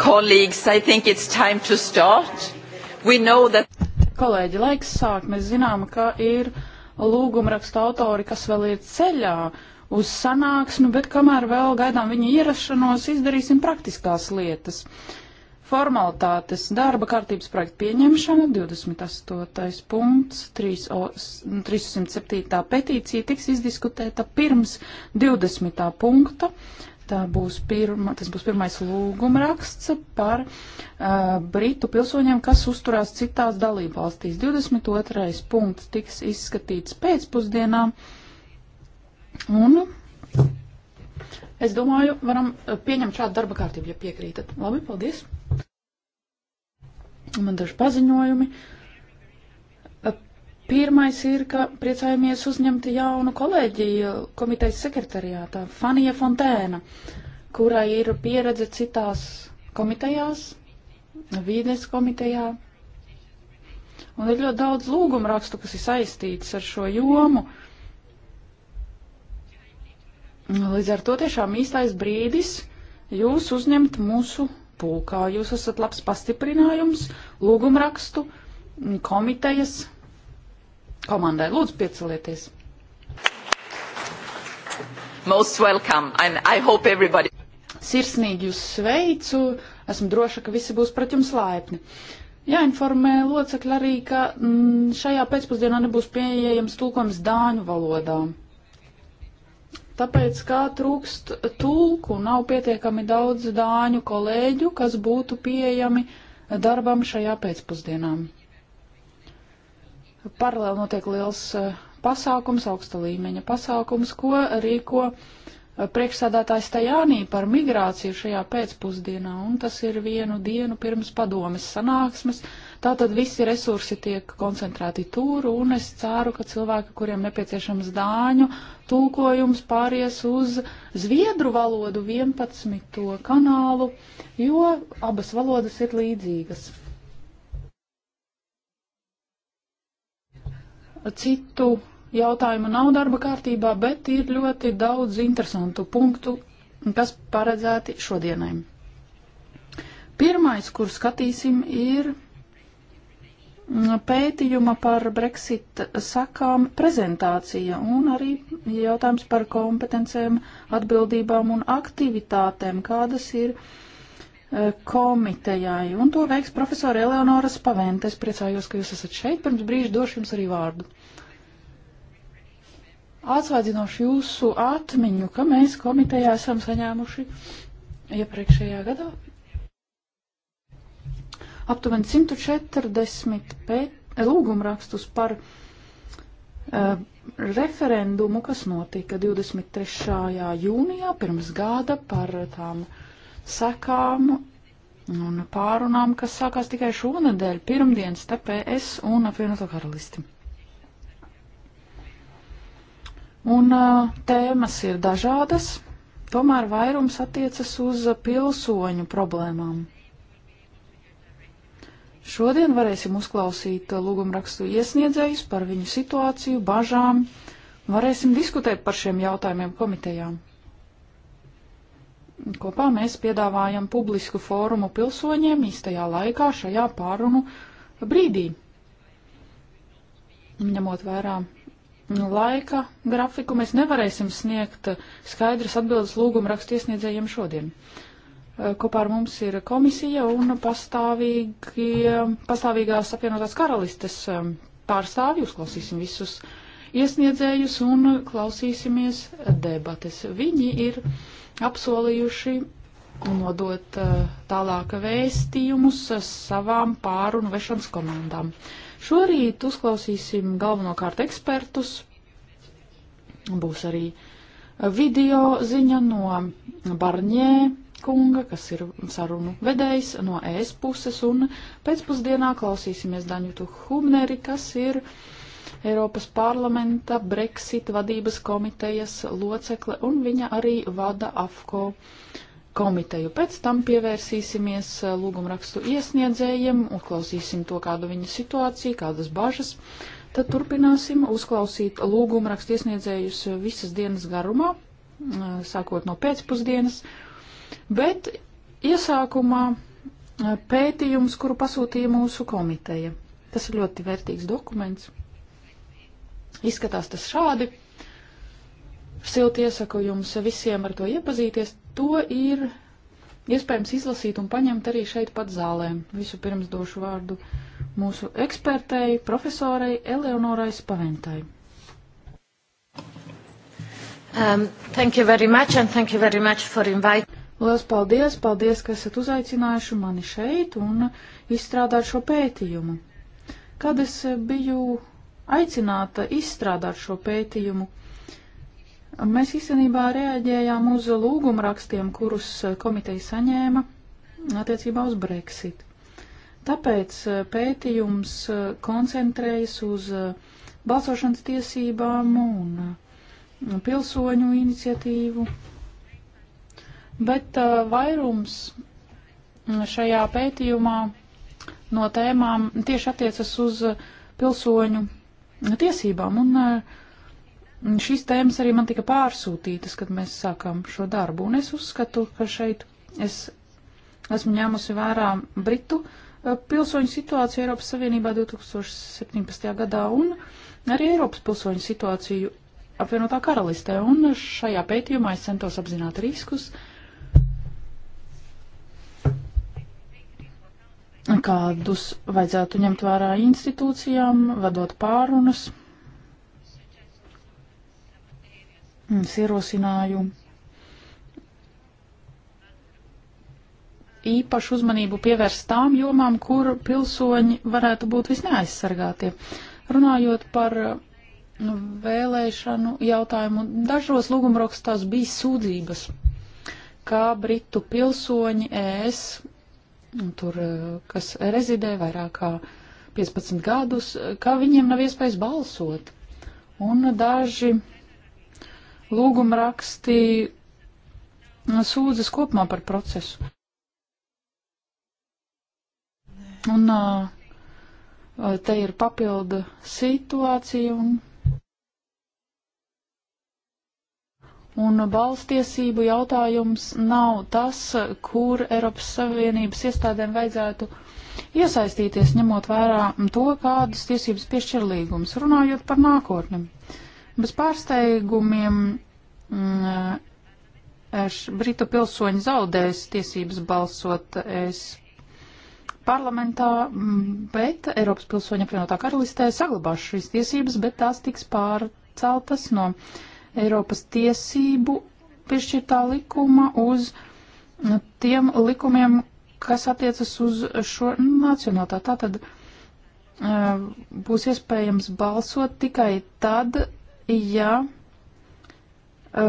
Colleagues, I think it's time to start. We know that. Kolēģi, laiks sāk. Mēs zinām, ka ir lūgumraksta autori, kas vēl ir ceļā uz sanāksmi, bet kamēr vēl gaidām viņa ierašanos, izdarīsim praktiskās lietas. Formalitātes darba kārtības projekta pieņemšana, 28. punkts, 307. petīcija tiks izdiskutēta pirms 20. punkta. Tā būs pirma, tas būs pirmais lūgumraksts par uh, Britu pilsoņiem, kas uzturās citās dalībvalstīs. 22. punkts tiks izskatīts pēcpusdienā. Un es domāju, varam pieņemt šādu darba kārtību, ja piekrītat. Labi, paldies. Man daži paziņojumi. Uh, Pirmais ir, ka priecājamies uzņemt jaunu kolēģi komitejas sekretariātā, Fanija Fontēna, kurai ir pieredze citās komitejās, vīdes komitejā. Un ir ļoti daudz lūgumu rakstu, kas ir saistīts ar šo jomu. Līdz ar to tiešām īstais brīdis jūs uzņemt mūsu pulkā. Jūs esat labs pastiprinājums lūgumu rakstu komitejas komandai. Lūdzu, piecelieties! Most welcome, and I hope everybody. Sirsnīgi jūs sveicu, esmu droša, ka visi būs pret jums laipni. Jāinformē locekļi arī, ka m, mm, šajā pēcpusdienā nebūs pieejams tulkojums dāņu valodā. Tāpēc, kā trūkst tulku, nav pietiekami daudz dāņu kolēģu, kas būtu pieejami darbam šajā pēcpusdienām. Paralēli notiek liels eh, pasākums, augsta līmeņa pasākums, ko rīko eh, priekšsādātājs Tajānī par migrāciju šajā pēcpusdienā, un tas ir vienu dienu pirms padomes sanāksmes. Tātad visi resursi tiek koncentrēti tur, un es ceru, ka cilvēki, kuriem nepieciešams dāņu tulkojums, pāries uz zviedru valodu 11. kanālu, jo abas valodas ir līdzīgas. citu jautājumu nav darba kārtībā, bet ir ļoti daudz interesantu punktu, kas paredzēti šodienai. Pirmais, kur skatīsim, ir pētījuma par Brexit sakām prezentācija un arī jautājums par kompetencēm, atbildībām un aktivitātēm, kādas ir uh, Eh, komitejai, un to veiks profesora Eleonora Spavente. Es priecājos, ka jūs esat šeit. Pirms brīža došu jums arī vārdu. Atsvaidzinošu jūsu atmiņu, ka mēs komitejā esam saņēmuši iepriekšējā gadā aptuveni 140 pēt, lūgumrakstus par uh, referendumu, kas notika 23. jūnijā pirms gada par tām uh, sekām un pārunām, kas sākās tikai šonadēļ, pirmdienas, starp ES un apvienoto karalisti. Un tēmas ir dažādas, tomēr vairums attiecas uz pilsoņu problēmām. Šodien varēsim uzklausīt lūgumrakstu iesniedzējus par viņu situāciju, bažām. Varēsim diskutēt par šiem jautājumiem komitejām. Kopā mēs piedāvājam publisku fórumu pilsoņiem īstajā laikā šajā pārunu brīdī. Ņemot vērā laika grafiku, mēs nevarēsim sniegt skaidras atbildes lūguma rakstu iesniedzējiem šodien. Kopā ar mums ir komisija un pastāvīgās apvienotās karalistes um, pārstāvji. Uzklausīsim visus uh, iesniedzējus un klausīsimies debates. Viņi ir apsolījuši nodot eh, tālāk vēstījumus savām pārunu vešanas komandām. Šorīt uzklausīsim galvenokārt ekspertus. Būs arī video ziņa no Barņē kunga, kas ir sarunu vedējs no ēs puses, un pēcpusdienā klausīsimies Daņutu Humneri, kas ir uh, Eiropas parlamenta Brexit vadības komitejas locekle, un viņa arī vada AFCO komiteju. Pēc tam pievērsīsimies eh, lūgumrakstu iesniedzējiem, uzklausīsim to, kāda viņa situācija, kādas bažas. Tad turpināsim uzklausīt lūgumrakstu iesniedzējus visas dienas garumā, eh, sākot no pēcpusdienas. Bet iesākumā eh, pētījums, kuru pasūtīja mūsu komiteja. Tas ir ļoti vērtīgs dokuments. Izskatās tas šādi. Silti iesaku jums visiem ar to iepazīties. To ir iespējams izlasīt un paņemt arī šeit pat zālē. Visu pirms došu vārdu mūsu ekspertei, profesorei Eleonorai Spaventai. Um, thank you very much and thank you very much for inviting. Lielas paldies, paldies, ka esat uzaicinājuši mani šeit un izstrādāt šo pētījumu. Kad es biju aicināta izstrādāt šo pētījumu. Mēs īstenībā reaģējām uz lūgumrakstiem, kurus komiteja saņēma attiecībā uz Brexit. Tāpēc eh, pētījums eh, koncentrējas uz eh, balsošanas tiesībām un pilsoņu iniciatīvu, bet vairums šajā pētījumā no tēmām tieši attiecas uz pilsoņu tiesībām. Un eh, šīs tēmas arī man tika pārsūtītas, kad mēs sākām šo darbu. Un es uzskatu, ka šeit es esmu ņēmusi vērā Britu eh, pilsoņu situāciju Eiropas Savienībā 2017. gadā un arī Eiropas pilsoņu situāciju apvienotā karalistē. Un šajā pētījumā es centos apzināt riskus, uh, kādus vajadzētu ņemt vērā institūcijām, vedot pārunas. Es ierosināju īpašu uzmanību pievērst tām jomām, kur pilsoņi varētu būt visneaizsargātie. Runājot par nu, vēlēšanu jautājumu, dažos lūgumrakstos bija sūdzības, kā britu pilsoņi ES Nu, tur, eh, kas rezidē vairāk kā 15 gadus, eh, ka viņiem nav iespējas balsot. Un daži lūguma raksti eh, sūdzas kopumā par procesu. Un te ir papildu situācija un Un balstiesību jautājums nav tas, kur Eiropas Savienības iestādēm vajadzētu iesaistīties, ņemot vērā to, kādas tiesības piešķir līgums, runājot par nākotni. Bez pārsteigumiem mm, Britu pilsoņi zaudēs tiesības balsot es parlamentā, mm, bet Eiropas pilsoņa apvienotā karalistē saglabās šīs tiesības, bet tās tiks pārceltas no. Uh, Eiropas tiesību piešķirtā likuma uz tiem likumiem, kas attiecas uz šo nacionālā. Tātad e, būs iespējams balsot tikai tad, ja e,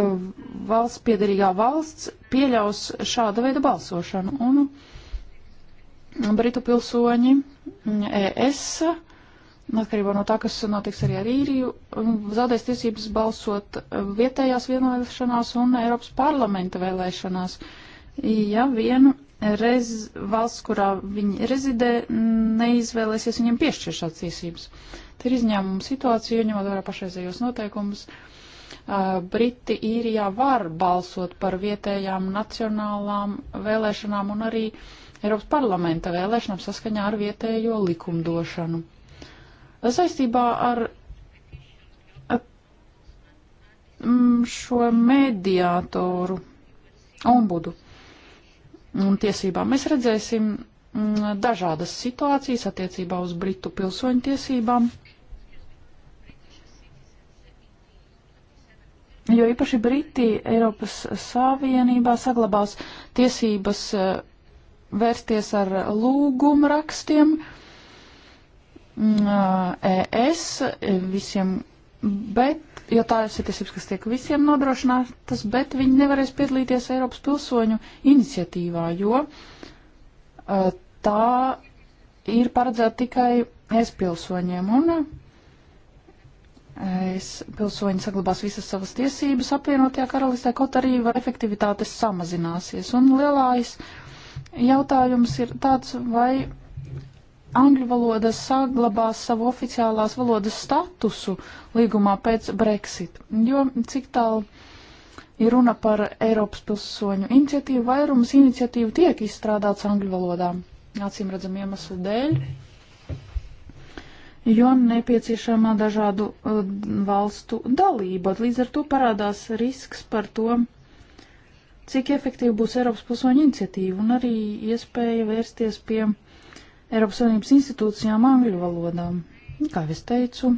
valsts piedarīgā valsts pieļaus šāda veida balsošanu. Un Britu pilsoņi e, ES atkarībā no tā, kas notiks arī ar īriju, um, zaudēs tiesības balsot um, vietējās vienošanās un Eiropas parlamenta vēlēšanās. Ja vienu reizi valsts, kurā viņi rezidē, neizvēlēsies viņiem piešķir šādas tiesības. Te ir izņēmuma situācija, ņemot vērā pašreizējos noteikumus. Uh, Briti īrijā var balsot par vietējām nacionālām vēlēšanām un arī Eiropas parlamenta vēlēšanām saskaņā ar vietējo likumdošanu. Saistībā ar mm, šo mediātoru ombudu un tiesībām mēs redzēsim mm, dažādas situācijas attiecībā uz Britu pilsoņu tiesībām. Jo īpaši Briti Eiropas Savienībā saglabās tiesības eh, vērsties ar lūgumu rakstiem, uh, Mm, ES e, visiem, bet, jo tās ir tiesības, kas tiek visiem nodrošinātas, bet viņi nevarēs piedalīties Eiropas pilsoņu iniciatīvā, jo tā ir paredzēta tikai es pilsoņiem. Un es pilsoņi saglabās visas savas tiesības apvienotajā karalistē, kaut arī efektivitātes samazināsies. Un lielais jautājums ir tāds, vai angļu valoda saglabās savu oficiālās valodas statusu līgumā pēc Brexit, jo cik tālu ir runa par Eiropas pilsoņu iniciatīvu, vairums iniciatīvu tiek izstrādāts angļu valodā, acīm redzam iemeslu dēļ, jo nepieciešama dažādu uh, valstu dalība, līdz ar to parādās risks par to, cik efektīva būs Eiropas pilsoņu iniciatīva un arī iespēja vērsties pie uh, Eiropas Savienības institūcijām angļu valodām. Kā es teicu,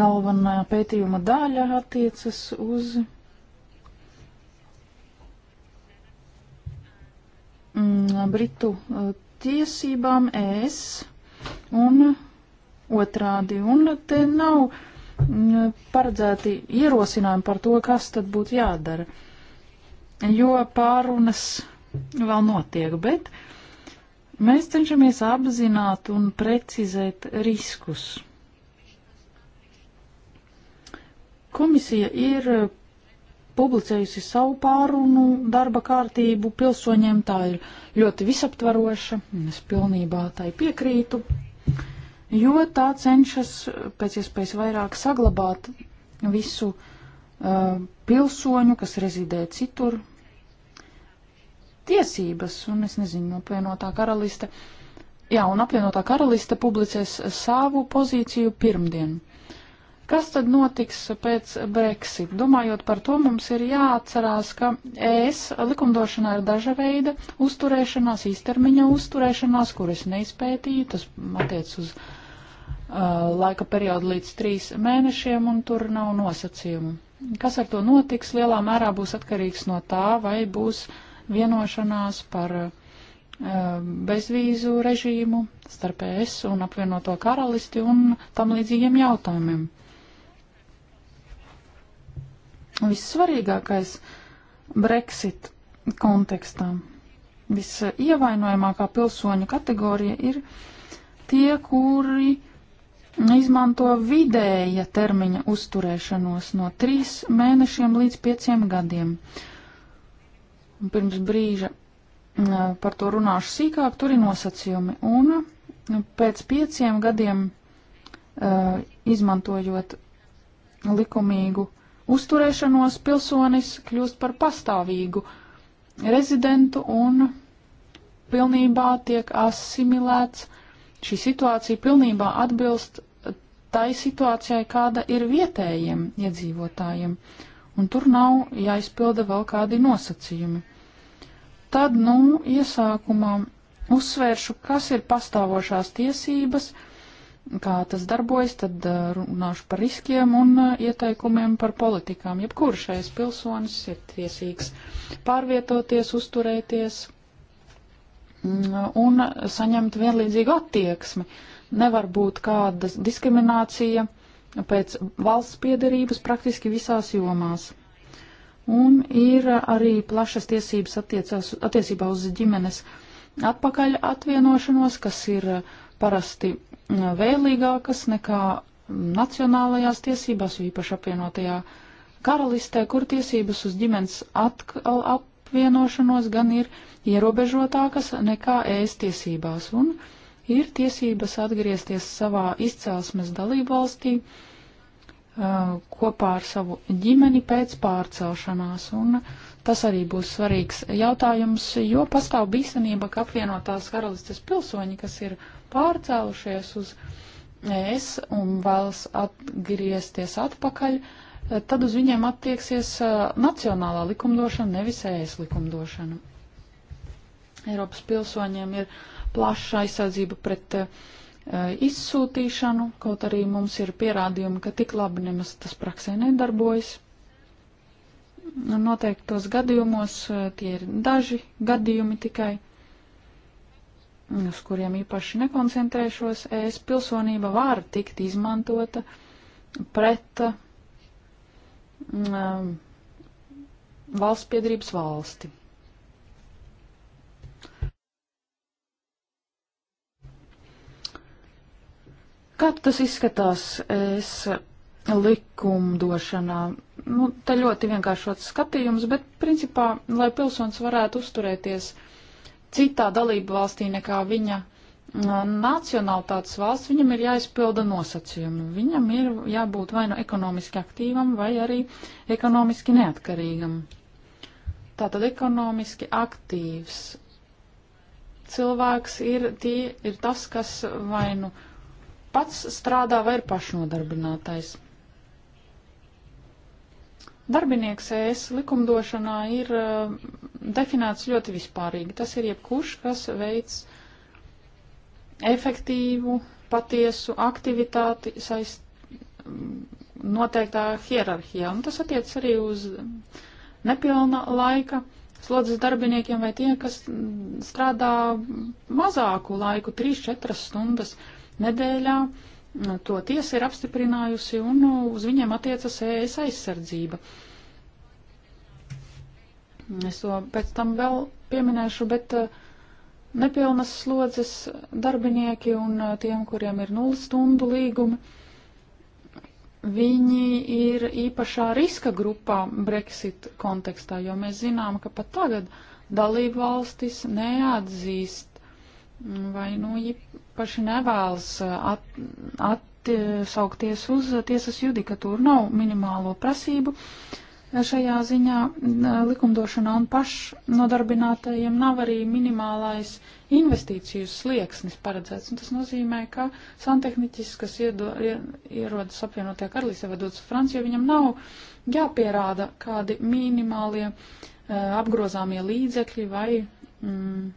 galvenā pētījuma daļa attiecas uz mm, Britu uh, tiesībām ES un otrādi. Un te nav mm, paredzēti ierosinājumi par to, kas tad būtu jādara, jo pārunas vēl notiek, bet uh, Mēs cenšamies apzināt un precizēt riskus. Komisija ir publicējusi savu pārunu darba kārtību pilsoņiem. Tā ir ļoti visaptvaroša, un es pilnībā tai piekrītu, jo tā cenšas pēc iespējas vairāk saglabāt visu uh, pilsoņu, kas rezidē citur, tiesības, un es nezinu, apvienotā karaliste. Jā, un apvienotā karaliste publicēs savu pozīciju pirmdien. Kas tad notiks pēc Brexit? Domājot par to, mums ir jāatcerās, ka ES likumdošanā ir daža veida uzturēšanās, īstermiņa uzturēšanās, kuras neizpētīju, tas attiec uz uh, laika periodu līdz trīs mēnešiem, un tur nav nosacījumu. Kas ar to notiks, lielā mērā būs atkarīgs no tā, vai būs uh, vienošanās par eh, bezvīzu režīmu starp ES un apvienoto karalisti un tam līdzīgiem jautājumiem. Vissvarīgākais Brexit kontekstā, visievainojamākā pilsoņu kategorija ir tie, kuri izmanto vidēja termiņa uzturēšanos no 3 mēnešiem līdz 5 gadiem. Uh, pirms brīža par to runāšu sīkāk, tur ir nosacījumi. Un nu, pēc pieciem gadiem izmantojot likumīgu uzturēšanos, pilsonis kļūst par pastāvīgu rezidentu un pilnībā tiek asimilēts. Šī situācija pilnībā atbilst tai situācijai, kāda ir vietējiem iedzīvotājiem. Uh, un tur nav jāizpilda vēl kādi nosacījumi. Tad, nu, iesākumā uzsvēršu, kas ir pastāvošās tiesības, kā tas darbojas, tad uh, runāšu par riskiem un uh, ieteikumiem par politikām. Jebkuršais pilsonis ir tiesīgs pārvietoties, uzturēties mm, un saņemt vienlīdzīgu attieksmi. Nevar būt kāda diskriminācija pēc valsts piedarības praktiski visās jomās. Un ir arī plašas tiesības attiecās, attiecībā uz ģimenes atpakaļ atvienošanos, kas ir parasti vēlīgākas nekā nacionālajās tiesībās, jo īpaši apvienotajā karalistē, kur tiesības uz ģimenes atkal apvienošanos gan ir ierobežotākas nekā ēst tiesībās. Un ir tiesības atgriezties savā izcelsmes dalībvalstī kopā ar savu ģimeni pēc pārcelšanās. Un tas arī būs svarīgs jautājums, jo pastāv bīstamība, ka apvienotās karalistes pilsoņi, kas ir pārcēlušies uz ES un vēlas atgriezties atpakaļ, tad uz viņiem attieksies nacionālā likumdošana, nevis ES likumdošana. Eiropas pilsoņiem ir plaša aizsardzība pret uh, izsūtīšanu, kaut arī mums ir pierādījumi, ka tik labi nemaz tas praksē nedarbojas. Noteiktos gadījumos eh, tie ir daži gadījumi tikai, uz kuriem īpaši nekoncentrēšos. Es pilsonība var tikt izmantota pret um, valsts piedrības valsti. Kā tas izskatās es likumdošanā? Nu, te ļoti vienkāršots skatījums, bet principā, lai pilsonis varētu uzturēties citā dalību valstī nekā viņa nacionālitātes valsts, viņam ir jāizpilda nosacījumi. Viņam ir jābūt vai nu no ekonomiski aktīvam, vai arī ekonomiski neatkarīgam. Tātad ekonomiski aktīvs cilvēks ir, tie, ir tas, kas vai nu pats strādā vai ir pašnodarbinātais. Darbinieks ES likumdošanā ir uh, definēts ļoti vispārīgi. Tas ir jebkurš, kas veids efektīvu, patiesu aktivitāti saist mm, noteiktā hierarhijā. Un tas attiec arī uz nepilna laika slodzes darbiniekiem vai tie, kas mm, strādā mazāku laiku, 3-4 stundas. Uh, nedēļā. To tiesa ir apstiprinājusi un uz viņiem attiecas ES aizsardzība. Es to pēc tam vēl pieminēšu, bet eh, nepilnas slodzes darbinieki un eh, tiem, kuriem ir nulles stundu līgumi, viņi ir īpašā riska grupā Brexit kontekstā, jo mēs zinām, ka pat tagad dalību valstis neatzīst vai nu īpaši nevēlas uh, at, atsaukties uz tiesas judikatūru. Nav minimālo prasību šajā ziņā likumdošanā un pašnodarbinātajiem nav arī minimālais investīciju slieksnis paredzēts. Un tas nozīmē, ka santehniķis, kas iedo, ierodas apvienotajā karalīse vai dodas Francijā, viņam nav jāpierāda kādi minimālie uh, apgrozāmie līdzekļi vai mm,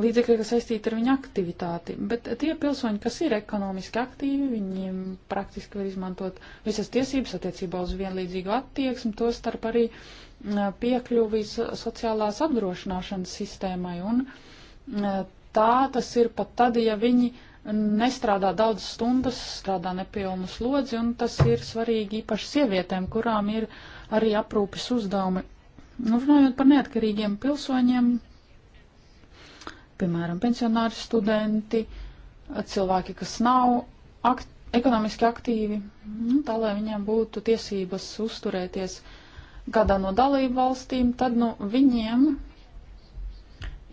līdzekļi, kas saistīti ar viņu aktivitāti. Bet tie pilsoņi, kas ir ekonomiski aktīvi, viņiem praktiski var izmantot visas tiesības attiecībā uz vienlīdzīgu attieksmi, to starp arī piekļuvis sociālās apdrošināšanas sistēmai. Un tā tas ir pat tad, ja viņi nestrādā daudz stundas, strādā nepilnu slodzi, un tas ir svarīgi īpaši sievietēm, kurām ir arī aprūpes uzdevumi. Runājot par neatkarīgiem pilsoņiem, piemēram, pensionāri, studenti, cilvēki, kas nav akt, ekonomiski aktīvi, nu, tā lai viņiem būtu tiesības uzturēties kādā no dalību valstīm, tad nu, viņiem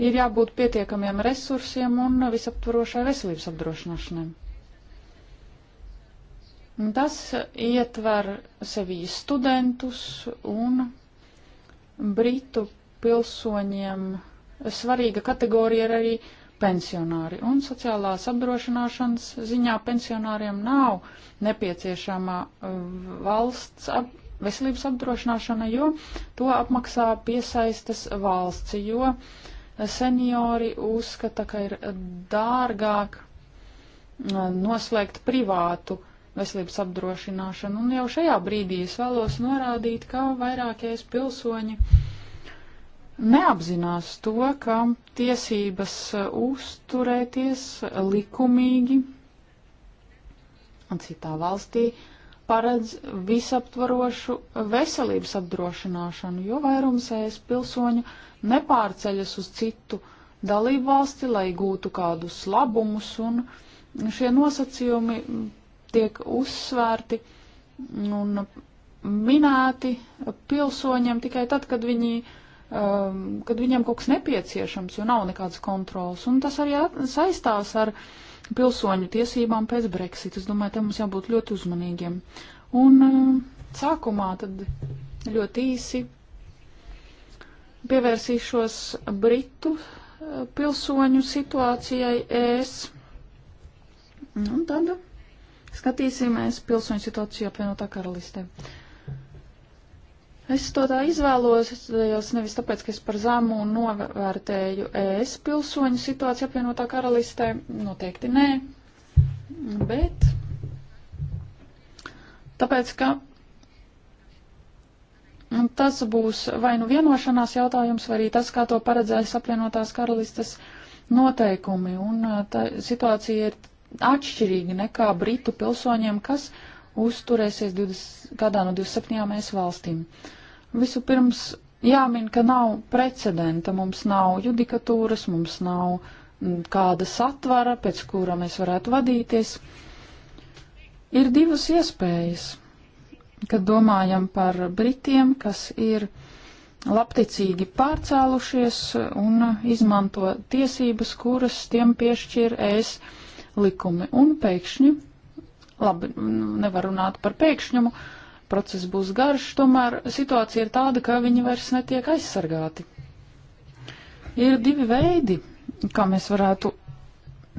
ir jābūt pietiekamiem resursiem un visaptvarošai veselības apdrošināšanai. Tas ietver sevī studentus un britu pilsoņiem svarīga kategorija ir arī pensionāri. Un sociālās apdrošināšanas ziņā pensionāriem nav nepieciešama uh, valsts ap, veselības apdrošināšana, jo to apmaksā piesaistas valsts, jo seniori uzskata, ka ir dārgāk uh, noslēgt privātu veselības apdrošināšanu. Un jau šajā brīdī es vēlos norādīt, ka vairākies pilsoņi neapzinās to, ka tiesības uh, uzturēties likumīgi citā valstī paredz visaptvarošu veselības apdrošināšanu, jo vairums ES pilsoņu nepārceļas uz citu dalību valsti, lai gūtu kādus labumus, un šie nosacījumi tiek uzsvērti un minēti pilsoņiem tikai tad, kad viņi uh, um, kad viņiem kaut kas nepieciešams, jo nav nekādas kontrolas. Un tas arī saistās ar pilsoņu tiesībām pēc Brexit. Es domāju, te mums jābūt ļoti uzmanīgiem. Un um, sākumā tad ļoti īsi pievērsīšos Britu uh, pilsoņu situācijai ES. Un tad skatīsimies pilsoņu situāciju apvienotā karalistē. Uh, Es to tā izvēlos, es nevis tāpēc, ka es par zemu novērtēju ES pilsoņu situāciju apvienotā karalistē, noteikti nē, bet tāpēc, ka tas būs vai nu vienošanās jautājums, vai arī tas, kā to paredzēs apvienotās karalistes noteikumi, un uh, tā situācija ir atšķirīga nekā britu pilsoņiem, kas uzturēsies 20, kādā no 27 ES valstīm. Uh, Vispirms jāmin, ka nav precedenta, mums nav judikatūras, mums nav mm, kāda satvara, pēc kura mēs varētu vadīties. Ir divas iespējas, kad domājam par Britiem, kas ir labticīgi pārcēlušies un izmanto tiesības, kuras tiem piešķir es likumi. Un pēkšņi, labi, nevar runāt par pēkšņumu, uh, process būs garš, tomēr situācija ir tāda, ka viņi vairs netiek aizsargāti. Ir divi veidi, kā mēs varētu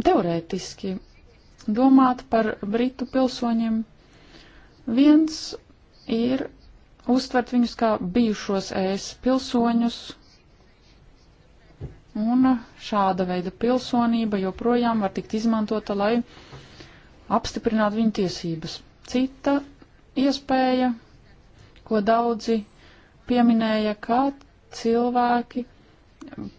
teorētiski domāt par britu pilsoņiem. Viens ir uztvert viņus kā bijušos ES pilsoņus, un šāda veida pilsonība joprojām var tikt izmantota, lai apstiprinātu viņu tiesības. Cita iespēja, ko daudzi pieminēja, kā cilvēki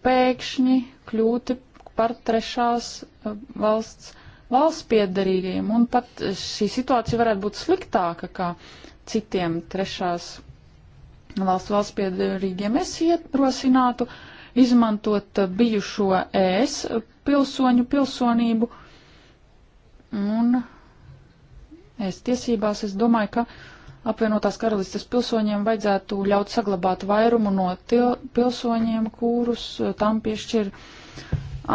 pēkšņi kļūti par trešās eh, valsts, valsts piedarīgajiem, un pat šī situācija varētu būt sliktāka kā citiem trešās valsts valsts piedarīgiem. Es ierosinātu izmantot bijušo ES pilsoņu pilsonību un es tiesībās. Es domāju, ka apvienotās karalistes pilsoņiem vajadzētu ļaut saglabāt vairumu no pilsoņiem, kurus eh, tam piešķir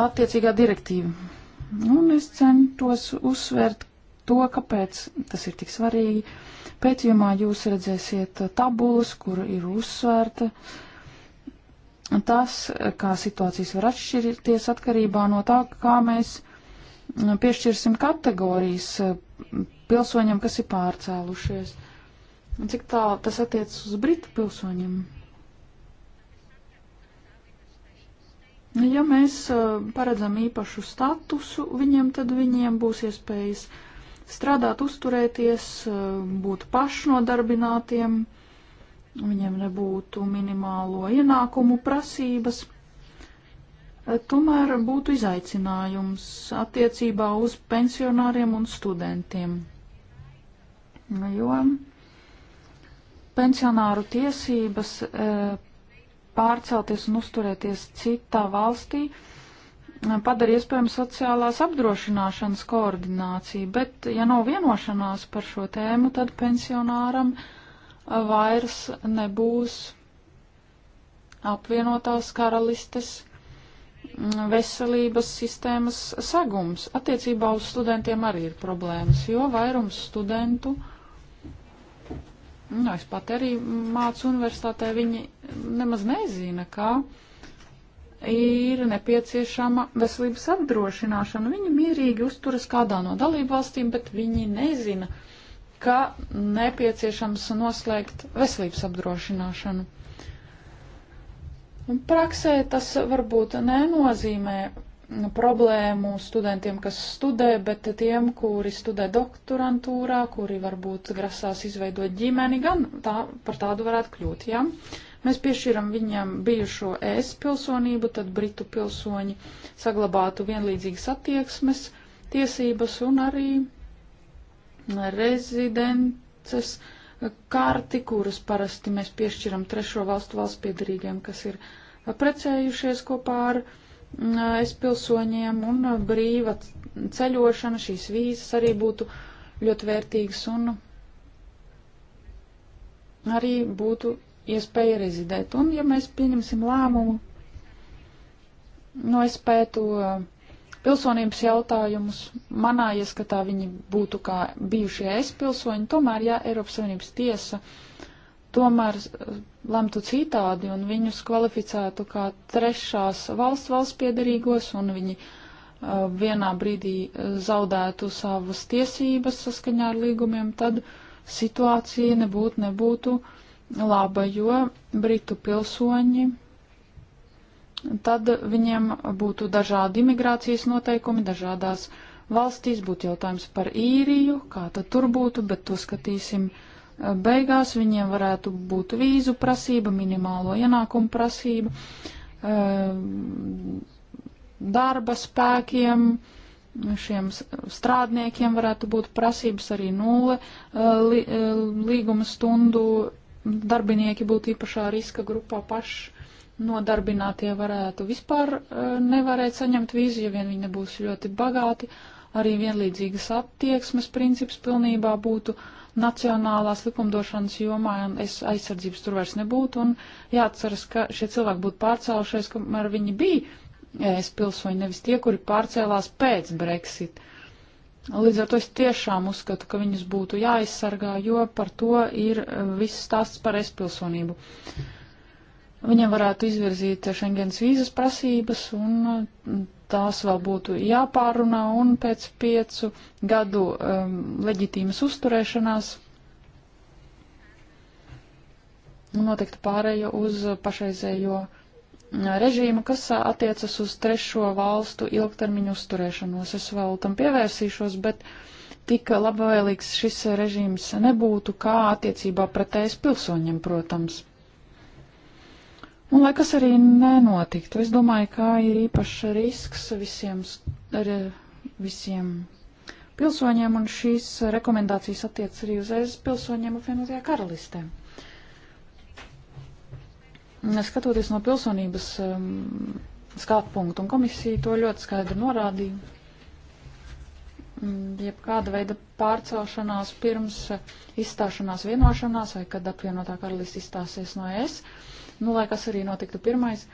attiecīgā direktīva. Un es centos uzsvērt to, kāpēc tas ir tik svarīgi. Pētījumā jūs redzēsiet tabulas, kur ir uzsvērta tas, kā situācijas var atšķirties atkarībā no tā, kā mēs piešķirsim kategorijas eh, pilsoņiem, kas ir pārcēlušies. Un cik tālu tas attiecas uz britu pilsoņiem? Ja mēs uh, paredzam īpašu statusu viņiem, tad viņiem būs iespējas strādāt, uzturēties, uh, būt pašnodarbinātiem, viņiem nebūtu minimālo ienākumu prasības uh, tomēr būtu izaicinājums attiecībā uz pensionāriem un studentiem. Nu, jo pensionāru tiesības e, pārcelties un uzturēties citā valstī e, padara iespējams sociālās apdrošināšanas koordināciju, bet ja nav vienošanās par šo tēmu, tad pensionāram e, vairs nebūs apvienotās karalistes veselības sistēmas segums. Attiecībā uz studentiem arī ir problēmas, jo vairums studentu uh, Nu, es pat arī mācu universitātē, viņi nemaz nezina, kā ir nepieciešama veselības apdrošināšana. Viņi mierīgi uzturas kādā no dalību valstīm, bet viņi nezina, ka nepieciešams noslēgt veselības apdrošināšanu. Un praksē tas varbūt nenozīmē problēmu studentiem, kas studē, bet tiem, kuri studē doktorantūrā, kuri varbūt grasās izveidot ģimeni, gan tā, par tādu varētu kļūt. Ja? Mēs piešķiram viņam bijušo ES pilsonību, tad Britu pilsoņi saglabātu vienlīdzīgas attieksmes, tiesības un arī rezidences karti, kuras parasti mēs piešķiram trešo valstu valsts piedarīgiem, kas ir precējušies kopā ar uh, Mm, es pilsoņiem un uh, brīva ceļošana, šīs vīzas arī būtu ļoti vērtīgas un arī būtu iespēja rezidēt. Un, ja mēs pieņemsim lēmumu, no es pētu pilsonības jautājumus, manā ieskatā viņi būtu kā bijušie es pilsoņi, tomēr, ja Eiropas Savienības tiesa uh, tomēr eh, lemtu citādi un viņus kvalificētu kā trešās valsts valsts piedarīgos un viņi eh, vienā brīdī eh, zaudētu savas tiesības saskaņā ar līgumiem, tad situācija nebūtu, nebūtu laba, jo Britu pilsoņi tad viņiem būtu dažādi imigrācijas noteikumi dažādās valstīs, būtu jautājums par īriju, kā tad tur būtu, bet to skatīsim uh, Eh, beigās viņiem varētu būt vīzu prasība, minimālo ienākumu prasība, eh, darba spēkiem, šiem strādniekiem varētu būt prasības arī nulle eh, līguma stundu, darbinieki būtu īpašā riska grupā paši nodarbinātie varētu vispār nevarēt saņemt vīzu, ja vien viņi nebūs ļoti bagāti, arī vienlīdzīgas attieksmes princips pilnībā būtu uh, nacionālās likumdošanas jomā aizsardzības tur vairs nebūtu, un jāatceras, ka šie cilvēki būtu pārcēlušies, kamēr viņi bija es pilsoņi, nevis tie, kuri pārcēlās pēc Brexit. Līdz ar to es tiešām uzskatu, ka viņus būtu jāaizsargā, jo par to ir e, viss stāsts par es pilsonību. Viņam varētu izvirzīt Schengens vīzas prasības, un e, tās vēl būtu jāpārunā un pēc piecu gadu um, leģitīmas uzturēšanās notiktu pārējo uz pašreizējo uh, režīmu, kas uh, attiecas uz trešo valstu ilgtermiņu uzturēšanos. Es vēl tam pievērsīšos, bet tik labvēlīgs šis režīms nebūtu kā attiecībā pretējas pilsoņiem, protams. Un lai kas arī nenotiktu, es domāju, kā ir īpašs risks visiem, ar, eh, visiem pilsoņiem, un šīs rekomendācijas attiec arī uz ES pilsoņiem apvienotajā karalistē. Skatoties no pilsonības um, skatu punktu, un komisija to ļoti skaidri norādīja, mm, jebkāda veida pārcelšanās pirms izstāšanās vienošanās vai kad apvienotā karalista izstāsies no ES. Uh, nu, lai kas arī notiktu pirmais,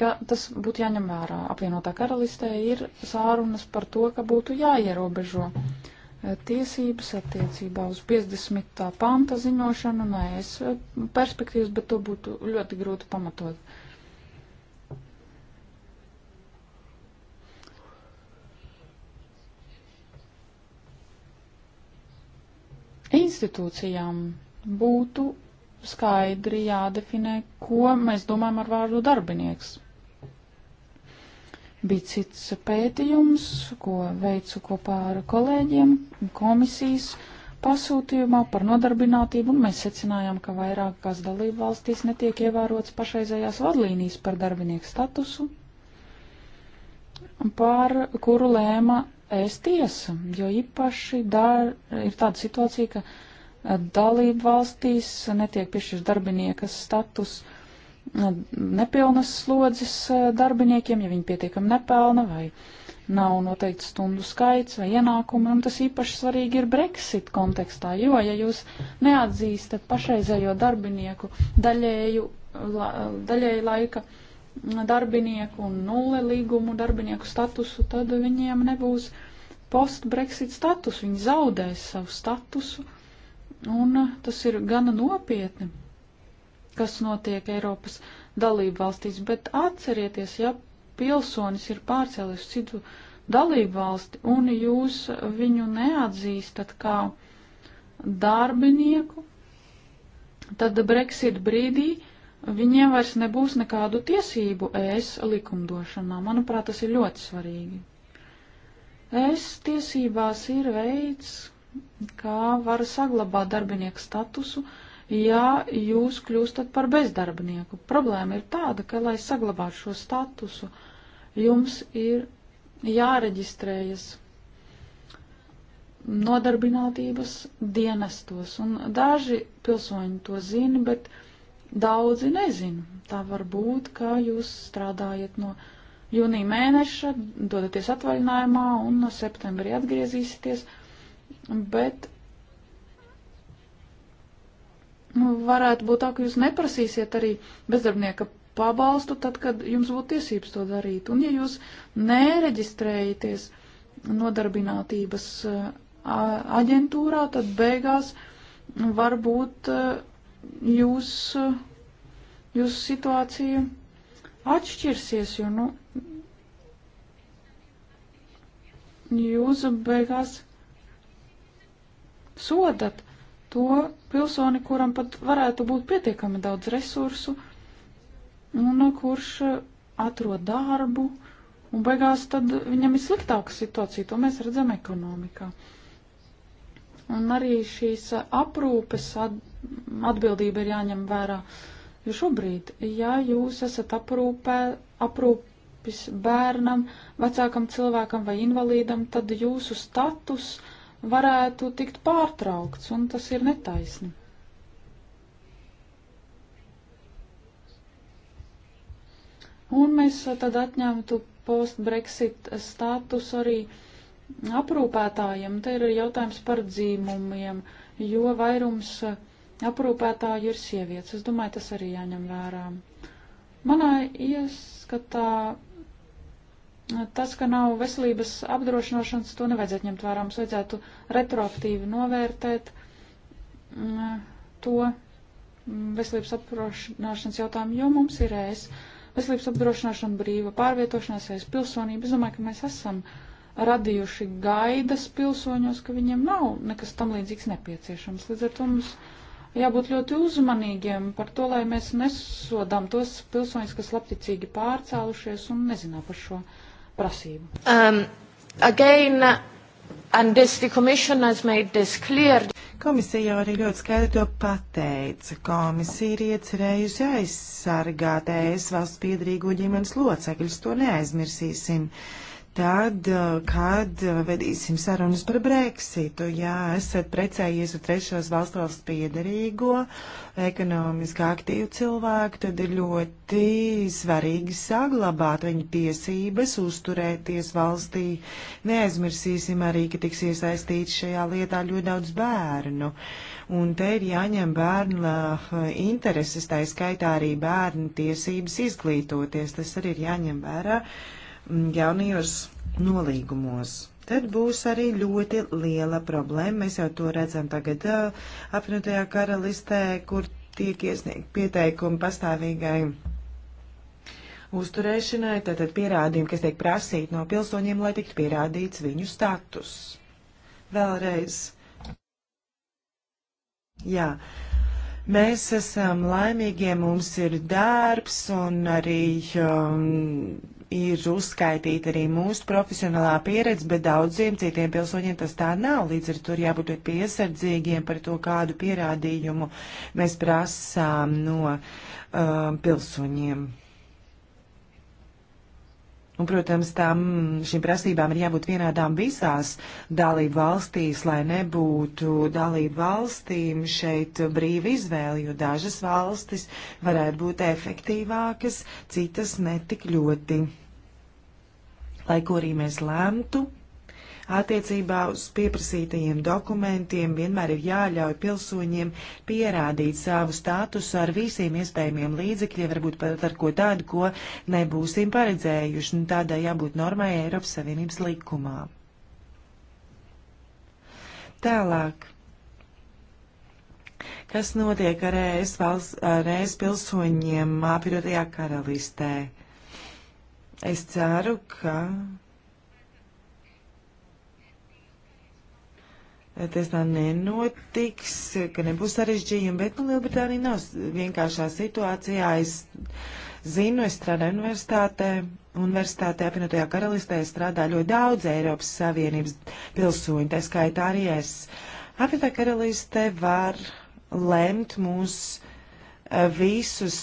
ka tas būtu jāņem vērā. Apvienotā karalistē ir sārunas par to, ka būtu jāierobežo eh, tiesības attiecībā uz 50. panta ziņošanu no es eh, perspektīvas, bet to būtu ļoti grūti pamatot. Institūcijām būtu skaidri jādefinē, ko mēs domājam ar vārdu darbinieks. Bija cits pētījums, ko veicu kopā ar kolēģiem komisijas pasūtījumā par nodarbinātību, un mēs secinājām, ka vairākās dalību valstīs netiek ievērots pašreizējās vadlīnijas par darbinieku statusu, par kuru lēma ēst tiesa, jo īpaši dar, ir tāda situācija, ka dalību valstīs netiek piešķirts darbinieka status nepilnas slodzes e, darbiniekiem, ja viņi pietiekami nepelna vai nav noteikts stundu skaits vai ienākumi, un tas īpaši svarīgi ir Brexit kontekstā, jo, ja jūs neatzīstat pašreizējo darbinieku daļēju, la, daļēju laika darbinieku un nulle līgumu darbinieku statusu, tad viņiem nebūs post-Brexit status, viņi zaudēs savu statusu, uh, Un eh, tas ir gana nopietni, kas notiek Eiropas dalību valstīs, bet atcerieties, ja pilsonis ir pārcēlies uz citu dalību valsti un jūs viņu neatzīstat kā darbinieku, tad Brexit brīdī viņiem vairs nebūs nekādu tiesību ES likumdošanā. Manuprāt, tas ir ļoti svarīgi. ES tiesībās ir veids, kā var saglabāt darbinieku statusu, ja jūs kļūstat par bezdarbnieku. Problēma ir tāda, ka, lai saglabātu šo statusu, jums ir jāreģistrējas nodarbinātības dienestos, un daži pilsoņi to zina, bet daudzi nezina. Tā var būt, ka jūs strādājat no jūnija mēneša, dodaties atvaļinājumā un no septembrī atgriezīsieties – bet nu, varētu būt tā, ka jūs neprasīsiet arī bezdarbnieka pabalstu tad, kad jums būtu tiesības to darīt. Un ja jūs nereģistrējaties nodarbinātības aģentūrā, tad beigās varbūt jūs, jūsu situācija atšķirsies, jo, nu, jūs beigās sodat to pilsoni, kuram pat varētu būt pietiekami daudz resursu, un uh, kurš uh, atrod darbu, un beigās tad viņam ir sliktāka situācija, to mēs redzam ekonomikā. Un arī šīs uh, aprūpes atbildība ir jāņem vērā, jo šobrīd, ja jūs esat aprūpē, aprūpis bērnam, vecākam cilvēkam vai invalīdam, tad jūsu status uh, varētu tikt pārtraukts, un tas ir netaisni. Un mēs tad atņemtu post-Brexit status arī aprūpētājiem. Te ir jautājums par dzīmumiem, jo vairums aprūpētāju ir sievietes. Es domāju, tas arī jāņem vērā. Manā ieskatā Tas, ka nav veselības apdrošināšanas, to nevajadzētu ņemt vērā. Mums vajadzētu retroaktīvi novērtēt mm, to mm, veselības apdrošināšanas jautājumu, jo mums ir ēs veselības apdrošināšana brīva, pārvietošanās ēs pilsonība. Es domāju, ka mēs esam radījuši gaidas pilsoņos, ka viņiem nav nekas tam līdzīgs nepieciešams. Līdz ar to mums jābūt ļoti uzmanīgiem par to, lai mēs nesodām tos pilsoņus, kas labticīgi pārcēlušies un nezinā par šo. Uh, prasību. Um, again, and this the commission has made this clear. Komisija jau arī ļoti skaidri to pateica. Komisija ir iecerējusi aizsargāt ES valsts piedrīgo ģimenes locekļus, to neaizmirsīsim. Uh, tad, eh, kad eh, vedīsim sarunas par Brexitu, ja esat precējies ar trešos valstu valsts piedarīgo, ekonomiski aktīvu cilvēku, tad ir ļoti svarīgi saglabāt viņu tiesības, uzturēties valstī. Neaizmirsīsim arī, ka tiks iesaistīts šajā lietā ļoti daudz bērnu. Un te ir jāņem bērnu eh, intereses, tā skaitā arī bērnu tiesības izglītoties. Tas arī ir jāņem vērā. Uh, jaunajos nolīgumos. Tad būs arī ļoti liela problēma. Mēs jau to redzam tagad apvienotajā karalistē, kur tiek iesniegt pieteikumi pastāvīgai uzturēšanai, tātad pierādījumi, kas tiek prasīti no pilsoņiem, lai tiktu pierādīts viņu status. Vēlreiz. Jā. Mēs esam laimīgie, mums ir darbs un arī um, ir uzskaitīta arī mūsu profesionālā pieredze, bet daudziem citiem pilsoņiem tas tā nav. Līdz ar to ir jābūt piesardzīgiem par to, kādu pierādījumu mēs prasām no um, pilsoņiem. Un, protams, tam šīm prasībām ir jābūt vienādām visās dalību valstīs, lai nebūtu dalību valstīm šeit brīva izvēle, jo dažas valstis varētu būt efektīvākas, citas netik ļoti lai ko arī mēs lemtu, attiecībā uz pieprasītajiem dokumentiem vienmēr ir jāļauj pilsoņiem pierādīt savu statusu ar visiem iespējamiem līdzekļiem, varbūt pat ar ko tādu, ko nebūsim paredzējuši, un tādai jābūt normai Eiropas Savienības likumā. Tālāk. Kas notiek ar ES, valsts, ar ES pilsoņiem apvienotajā karalistē? Uh, Es ceru, ka tas tā nenotiks, ka nebūs sarežģījumi, bet nu, Lielbritānija nav vienkāršā situācijā. Es zinu, es strādāju universitātē, universitātē apvienotajā karalistē, strādā ļoti daudz Eiropas Savienības pilsoņu, tā skaitā arī es. Apvienotā karaliste var lemt mūsu visus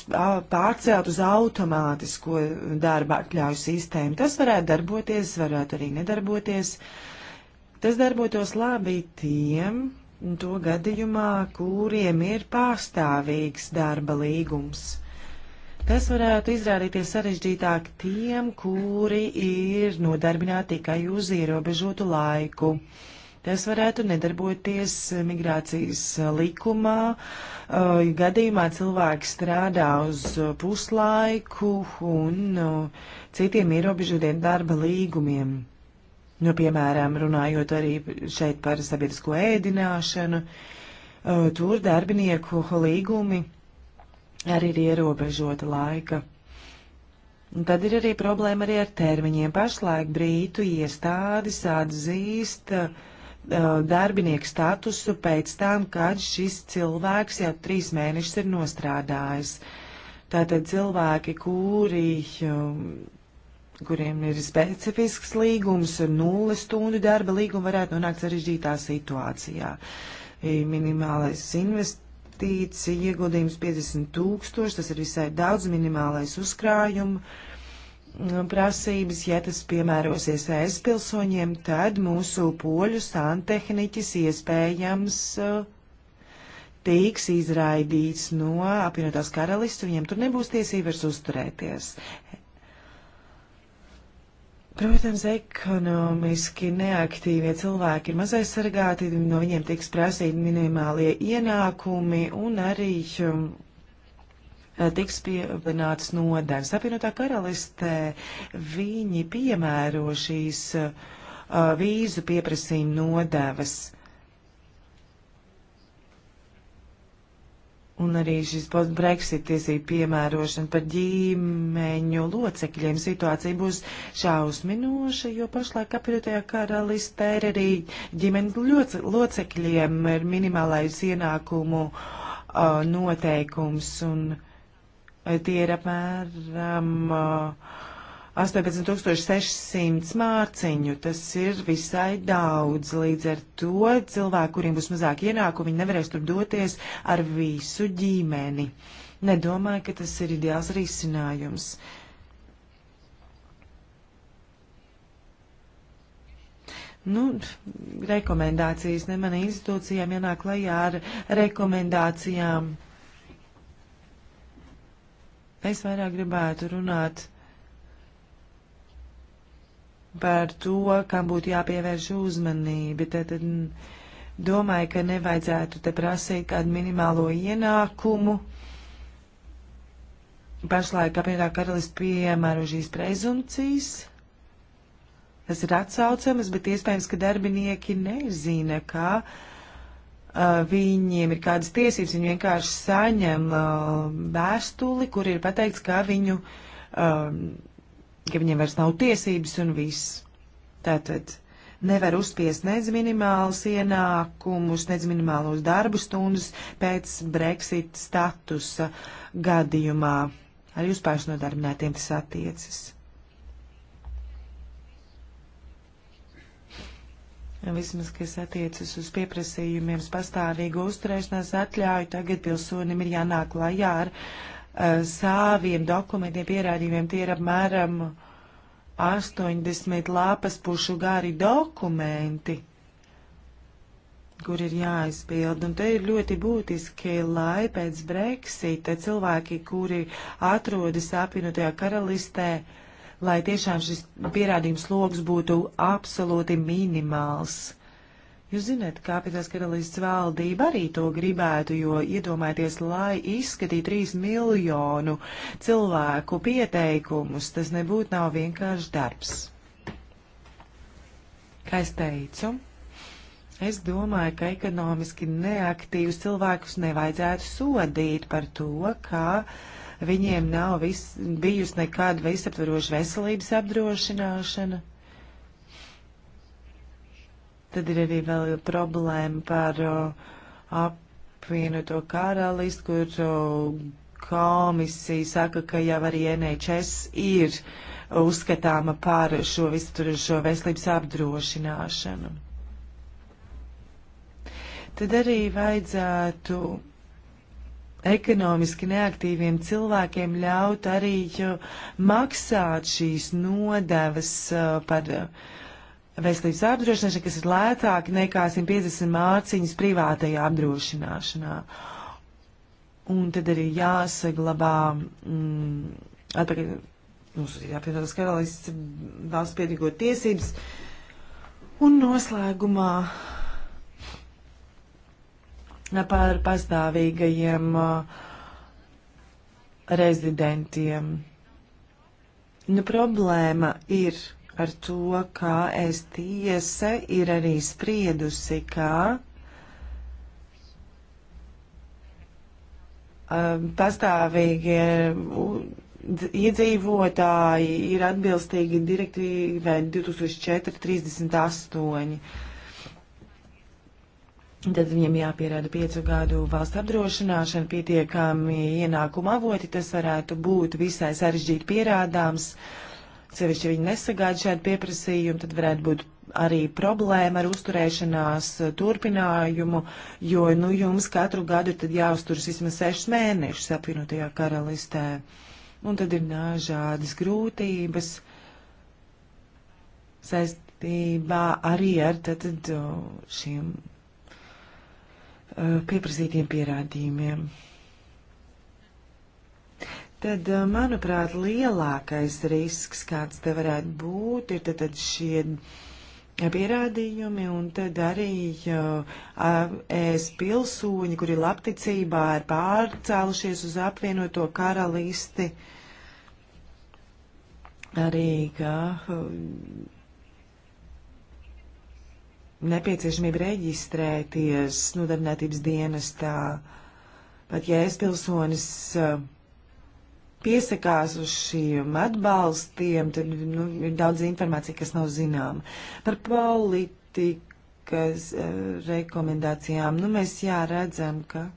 pārcelt uz automātisko darba atļauju sistēmu. Tas varētu darboties, varētu arī nedarboties. Tas darbotos labi tiem, to gadījumā, kuriem ir pārstāvīgs darba līgums. Tas varētu izrādīties sarežģītāk tiem, kuri ir nodarbināti tikai uz ierobežotu laiku. Uh, Tas varētu nedarboties migrācijas likumā. Uh, gadījumā cilvēki strādā uz puslaiku un uh, citiem ierobežotiem darba līgumiem. Nu, piemēram, runājot arī šeit par sabiedrisko ēdināšanu, uh, tur darbinieku līgumi arī ir ierobežota laika. Un tad ir arī problēma arī ar termiņiem. Pašlaik brītu iestādes atzīst, uh, Uh, darbinieku statusu pēc tam, kad šis cilvēks jau trīs mēnešus ir nostrādājis. Tātad cilvēki, kuri, um, kuriem ir specifisks līgums, nulles stundu darba līguma, varētu nonākt sarežģītā situācijā. Minimālais investīcija ieguldījums 50 tūkstoši, tas ir visai daudz minimālais uzkrājums prasības, ja tas piemērosies ES pilsoņiem, tad mūsu poļu santehniķis iespējams eh, tiks izraidīts no apvienotās karalists, viņiem tur nebūs tiesība vairs uzturēties. Protams, ekonomiski neaktīvie cilvēki ir mazai sargāti, no viņiem tiks prasīti minimālie ienākumi un arī um, Eh, tiks pievienāts nodevs. Apvienotā karalistē viņi piemēro šīs eh, vīzu pieprasījuma nodevas. Un arī šis Brexit tiesību piemērošana par ģimeņu locekļiem situācija būs šausminoša, jo pašlaik apvienotajā karalistē ir arī ģimeņu locekļiem ir minimālais ienākumu uh, noteikums. Un, uh, Tie ir apmēram 18600 uh, mārciņu. Tas ir visai daudz. Līdz ar to cilvēki, kuriem būs mazāk ienākumu, viņi nevarēs tur doties ar visu ģimeni. Nedomāju, ka tas ir ideāls risinājums. nu, rekomendācijas, ne man institūcijām ienāk lajā ar rekomendācijām. Es vairāk gribētu runāt par to, kam būtu jāpievērš uzmanība. Tad, tad domāju, ka nevajadzētu te prasīt kādu minimālo ienākumu. Pašlaik apvienotā karalists piemēro šīs prezumcijas. Tas ir atsaucamas, bet iespējams, ka darbinieki nezina, kā. Ka Eh, viņiem ir kādas tiesības, viņi vienkārši saņem eh, vēstuli, kur ir pateikts, ka, viņu, eh, ka viņiem vairs nav tiesības un viss. Tātad nevar uzspiest nec minimālus ienākumus, nec minimālos darbu stundas pēc Brexit statusa gadījumā. Arī uz pašnodarbinātiem tas attiecas. Vismaz, kas attiecas uz pieprasījumiem, pastāvīgu uzturēšanās atļauju, tagad pilsonim ir jānāk lajā ar uh, saviem dokumentiem, pierādījumiem. Tie ir apmēram 80 lapas pušu gari dokumenti, kur ir jāizpild. Un te ir ļoti būtiski, lai pēc Brexita cilvēki, kuri atrodas apvienotajā karalistē, uh, lai tiešām šis pierādījums sloks būtu absolūti minimāls. Jūs zināt, kāpēc karalists valdība arī to gribētu, jo iedomājieties, lai izskatītu trīs miljonu cilvēku pieteikumus, tas nebūtu nav vienkārši darbs. Kā es teicu, es domāju, ka ekonomiski neaktīvus cilvēkus nevajadzētu sodīt par to, ka uh, viņiem nav vis, bijusi nekāda visaptvaroša veselības apdrošināšana. Tad ir arī vēl problēma par apvienoto karalistu, kur o, komisija saka, ka jau arī NHS ir uzskatāma par šo visaptvarošo veselības apdrošināšanu. Tad arī vajadzētu ekonomiski neaktīviem cilvēkiem ļaut arī maksāt šīs nodevas par veselības apdrošināšanu, kas ir lētāk nekā 150 mārciņas privātajā apdrošināšanā. Un tad arī jāsaglabā mm, atpakaļ, nu, jāpienotās karalists valsts piedīgot tiesības. Un noslēgumā par pastāvīgajiem uh, rezidentiem. Nu, problēma ir ar to, kā es tiesa ir arī spriedusi, kā um, pastāvīgie iedzīvotāji ir atbilstīgi direktīvai 2438 Tad viņam jāpierāda piecu gadu valsts apdrošināšana, pietiekami ienākuma avoti, tas varētu būt visai sarežģīti pierādāms. Sevišķi viņi nesagāda šādu pieprasījumu, tad varētu būt arī problēma ar uzturēšanās turpinājumu, jo nu, jums katru gadu ir jāuzturas vismaz sešus mēnešus apvienotajā karalistē. Un tad ir dažādas grūtības saistībā arī ar tad, tad, šiem Eh, pieprasītiem pierādījumiem. Tad, eh, manuprāt, lielākais risks, kāds te varētu būt, ir tad, tad šie pierādījumi un tad arī es eh, pilsūņi, kuri labticībā ir pārcēlušies uz apvienoto karalisti, arī, ka nepieciešamība reģistrēties nodarbinātības dienestā. Pat ja es pilsonis piesakās uz šiem atbalstiem, tad nu, ir daudz informācija, kas nav zināma. Par politikas rekomendācijām, nu mēs jā redzam, ka.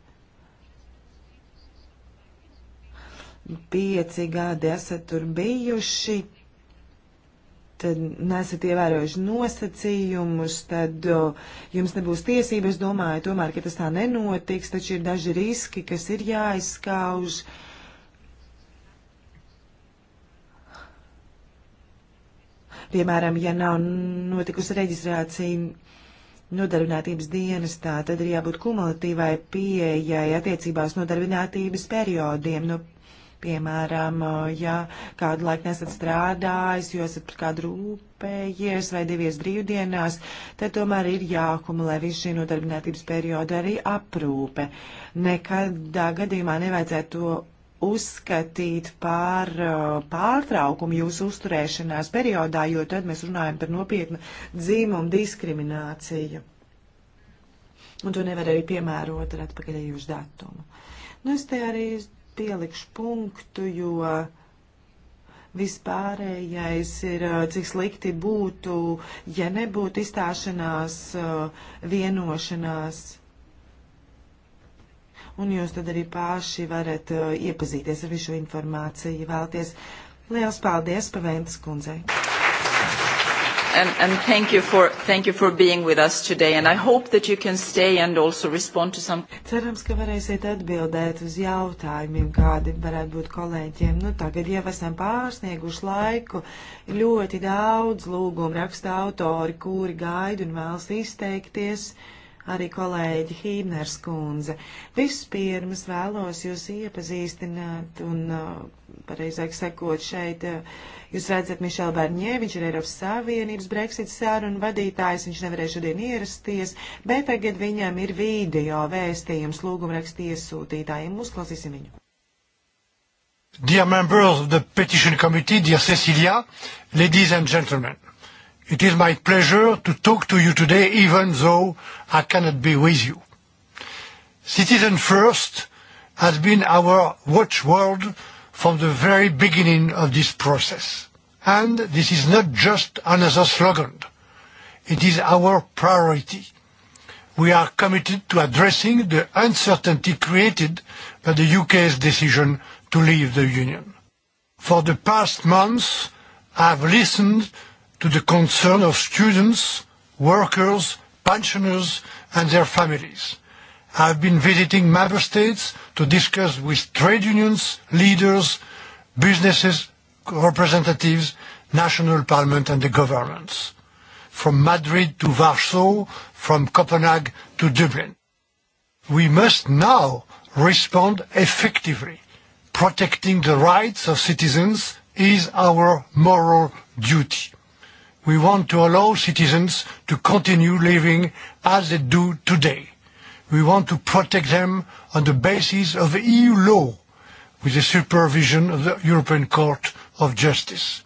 Pieci gadi esat tur bijuši, tad nesat ievērojuši nosacījumus, tad o, jums nebūs tiesības. Domāju, tomēr, ka tas tā nenotiks, taču ir daži riski, kas ir jāizskauž. Piemēram, ja nav notikusi reģistrācija nodarbinātības dienestā, tad ir jābūt kumulatīvai pieejai attiecībās nodarbinātības periodiem no nu, Piemēram, eh, ja kādu laiku nesat strādājis, jo esat par kādu rūpējies vai devies brīvdienās, tad tomēr ir jākumulē visu šī nodarbinātības perioda arī aprūpe. Nekadā gadījumā nevajadzētu to uzskatīt par eh, pārtraukumu jūsu uzturēšanās periodā, jo tad mēs runājam par nopietnu dzīmumu diskrimināciju. Un to nevar arī piemērot ar atpakaļējušu datumu. Nu, es te arī pielikšu punktu, jo vispārējais ir, cik slikti būtu, ja nebūtu izstāšanās vienošanās. Un jūs tad arī paši varat iepazīties ar visu šo informāciju, vēlties. Liels paldies Paventas kundzei! and, and thank, you for, thank you for being with us today. And I hope that you can stay and also respond to some. Cerams, ka varēsiet atbildēt uz jautājumiem, kādi varētu būt kolēģiem. Nu, tagad jau esam pārsnieguši laiku. Ļoti daudz lūgumu raksta autori, kuri gaida un vēlas izteikties. Uh, arī kolēģi Hībners kundze. Vispirms vēlos jūs iepazīstināt un, uh, pareizāk sakot, šeit uh, jūs redzat Mišelu Barņē, viņš ir Eiropas Savienības Brexit sārunu vadītājs, viņš nevarēja šodien ierasties, bet tagad viņam ir video vēstījums lūgumrakstu iesūtītājiem. Uzklausīsim viņu. Dear members of the Petition Committee, dear Cecilia, ladies and gentlemen. It is my pleasure to talk to you today, even though I cannot be with you. Citizen First has been our watchword from the very beginning of this process. And this is not just another slogan. It is our priority. We are committed to addressing the uncertainty created by the U.K.'s decision to leave the Union. For the past months, I have listened to the concern of students, workers, pensioners and their families. I have been visiting member states to discuss with trade unions, leaders, businesses, representatives, national parliament and the governments. From Madrid to Warsaw, from Copenhagen to Dublin. We must now respond effectively. Protecting the rights of citizens is our moral duty we want to allow citizens to continue living as they do today. We want to protect them on the basis of EU e law with the supervision of the European Court of Justice.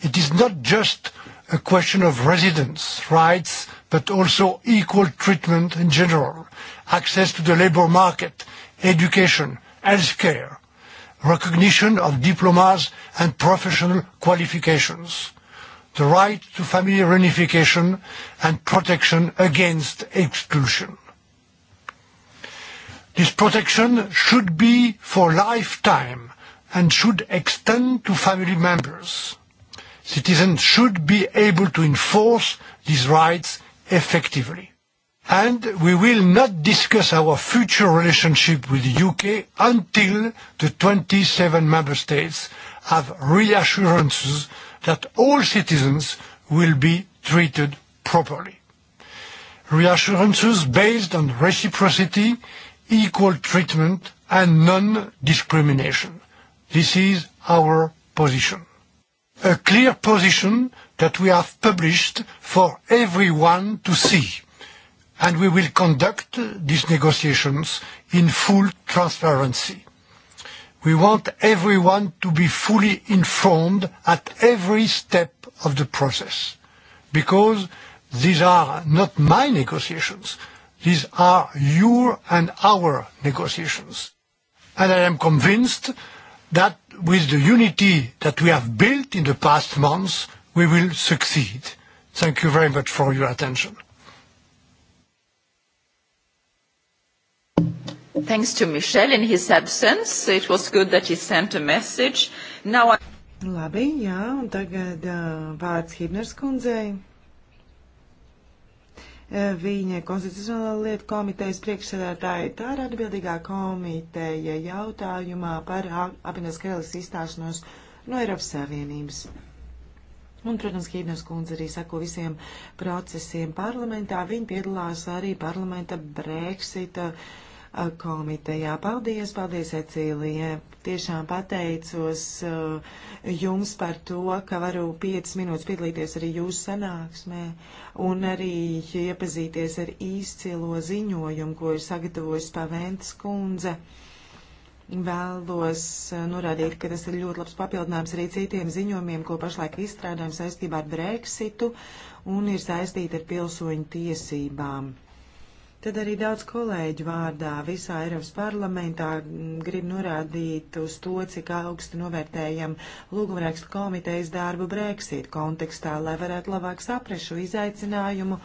It is not just a question of residence rights, but also equal treatment in general, access to the labor market, education, healthcare, recognition of diplomas and professional qualifications the right to family reunification and protection against expulsion. This protection should be for lifetime and should extend to family members. Citizens should be able to enforce these rights effectively. And we will not discuss our future relationship with the UK until the 27 member states have reassurances that all citizens will be treated properly. Reassurances based on reciprocity, equal treatment, and non-discrimination. This is our position. A clear position that we have published for everyone to see, and we will conduct these negotiations in full transparency. We want everyone to be fully informed at every step of the process, because these are not my negotiations. These are your and our negotiations. And I am convinced that with the unity that we have built in the past months, we will succeed. Thank you very much for your attention. thanks to Michel in his absence. It was good that he sent a message. Now I... Labi, jā, un tagad uh, vārds Hibners kundzei. Viņa konstitucionāla lieta komitejas priekšsēdētāja tā ir atbildīgā komiteja jautājumā par apvienotās karalistas izstāšanos no Eiropas Savienības. Un, protams, Hīdnes kundze arī sako visiem procesiem parlamentā. Viņa piedalās arī parlamenta Brexita uh, komitejā. Paldies, paldies, Ecīlija. Tiešām pateicos jums par to, ka varu 5 minūtes piedalīties arī jūsu sanāksmē un arī iepazīties ar izcilo ziņojumu, ko ir sagatavojis Paventas kundze. Vēlos norādīt, ka tas ir ļoti labs papildinājums arī citiem ziņojumiem, ko pašlaik izstrādājam saistībā ar Brexitu un ir saistīti ar pilsoņu tiesībām. Tad arī daudz kolēģu vārdā visā Eiropas parlamentā mm, grib norādīt uz to, cik augstu novērtējam lūgumrakstu komitejas darbu Brexit kontekstā, lai varētu labāk saprast šo izaicinājumu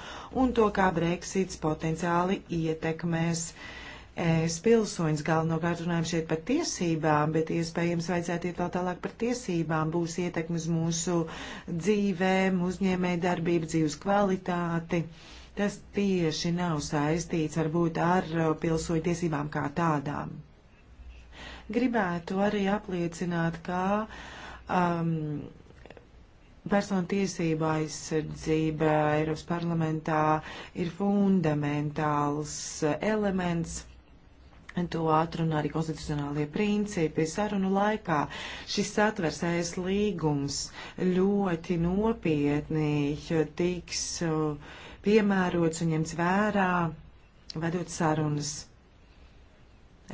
un to, kā Brexits potenciāli ietekmēs. Es pilsoņus galvenokārt runājam šeit par tiesībām, bet iespējams vajadzētu iet vēl tālāk par tiesībām. Būs ietekmes mūsu dzīvēm, uzņēmē darbību, dzīves kvalitāti. Uh, Tas tieši nav saistīts varbūt ar uh, pilsoņu tiesībām kā tādām. Gribētu arī apliecināt, ka um, personu tiesība aizsardzība Eiropas parlamentā ir fundamentāls uh, elements. To atrunā arī konstitucionālie principi sarunu laikā. Šis satversējas līgums ļoti nopietni tiks uh, piemērots un ņemts vērā, vedot sarunas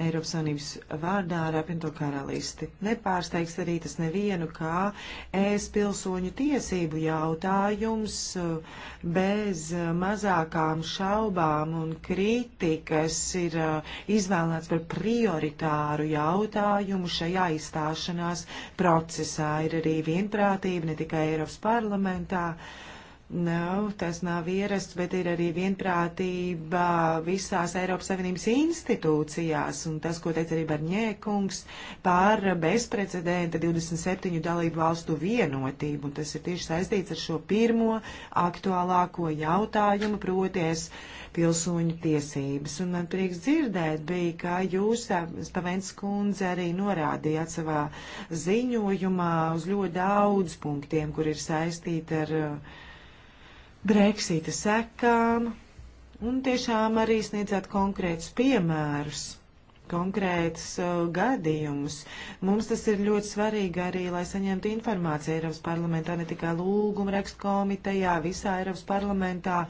Eiropas Savienības vārdā ar apvienoto karalisti. Nepārsteigts arī tas nevienu, kā es pilsoņu tiesību jautājums uh, bez uh, mazākām šaubām un kritikas ir uh, izvēlēts par prioritāru jautājumu šajā izstāšanās procesā. Ir arī vienprātība ne tikai Eiropas parlamentā, uh, Nav, tas nav ierasts, bet ir arī vienprātība visās Eiropas Savienības institūcijās, un tas, ko teica arī Barņēkungs, par bezprecedenta 27 dalību valstu vienotību, un tas ir tieši saistīts ar šo pirmo aktuālāko jautājumu, proties pilsoņu tiesības. Un man prieks dzirdēt bija, ka jūs, Spavens kundze, arī norādījāt savā ziņojumā uz ļoti daudz punktiem, kur ir saistīti ar uh, Brexita sekām un tiešām arī sniedzēt konkrētus piemērus, konkrētus uh, gadījumus. Mums tas ir ļoti svarīgi arī, lai saņemtu informāciju Eiropas parlamentā, ne tikai lūguma rakstu komitejā, visā Eiropas parlamentā.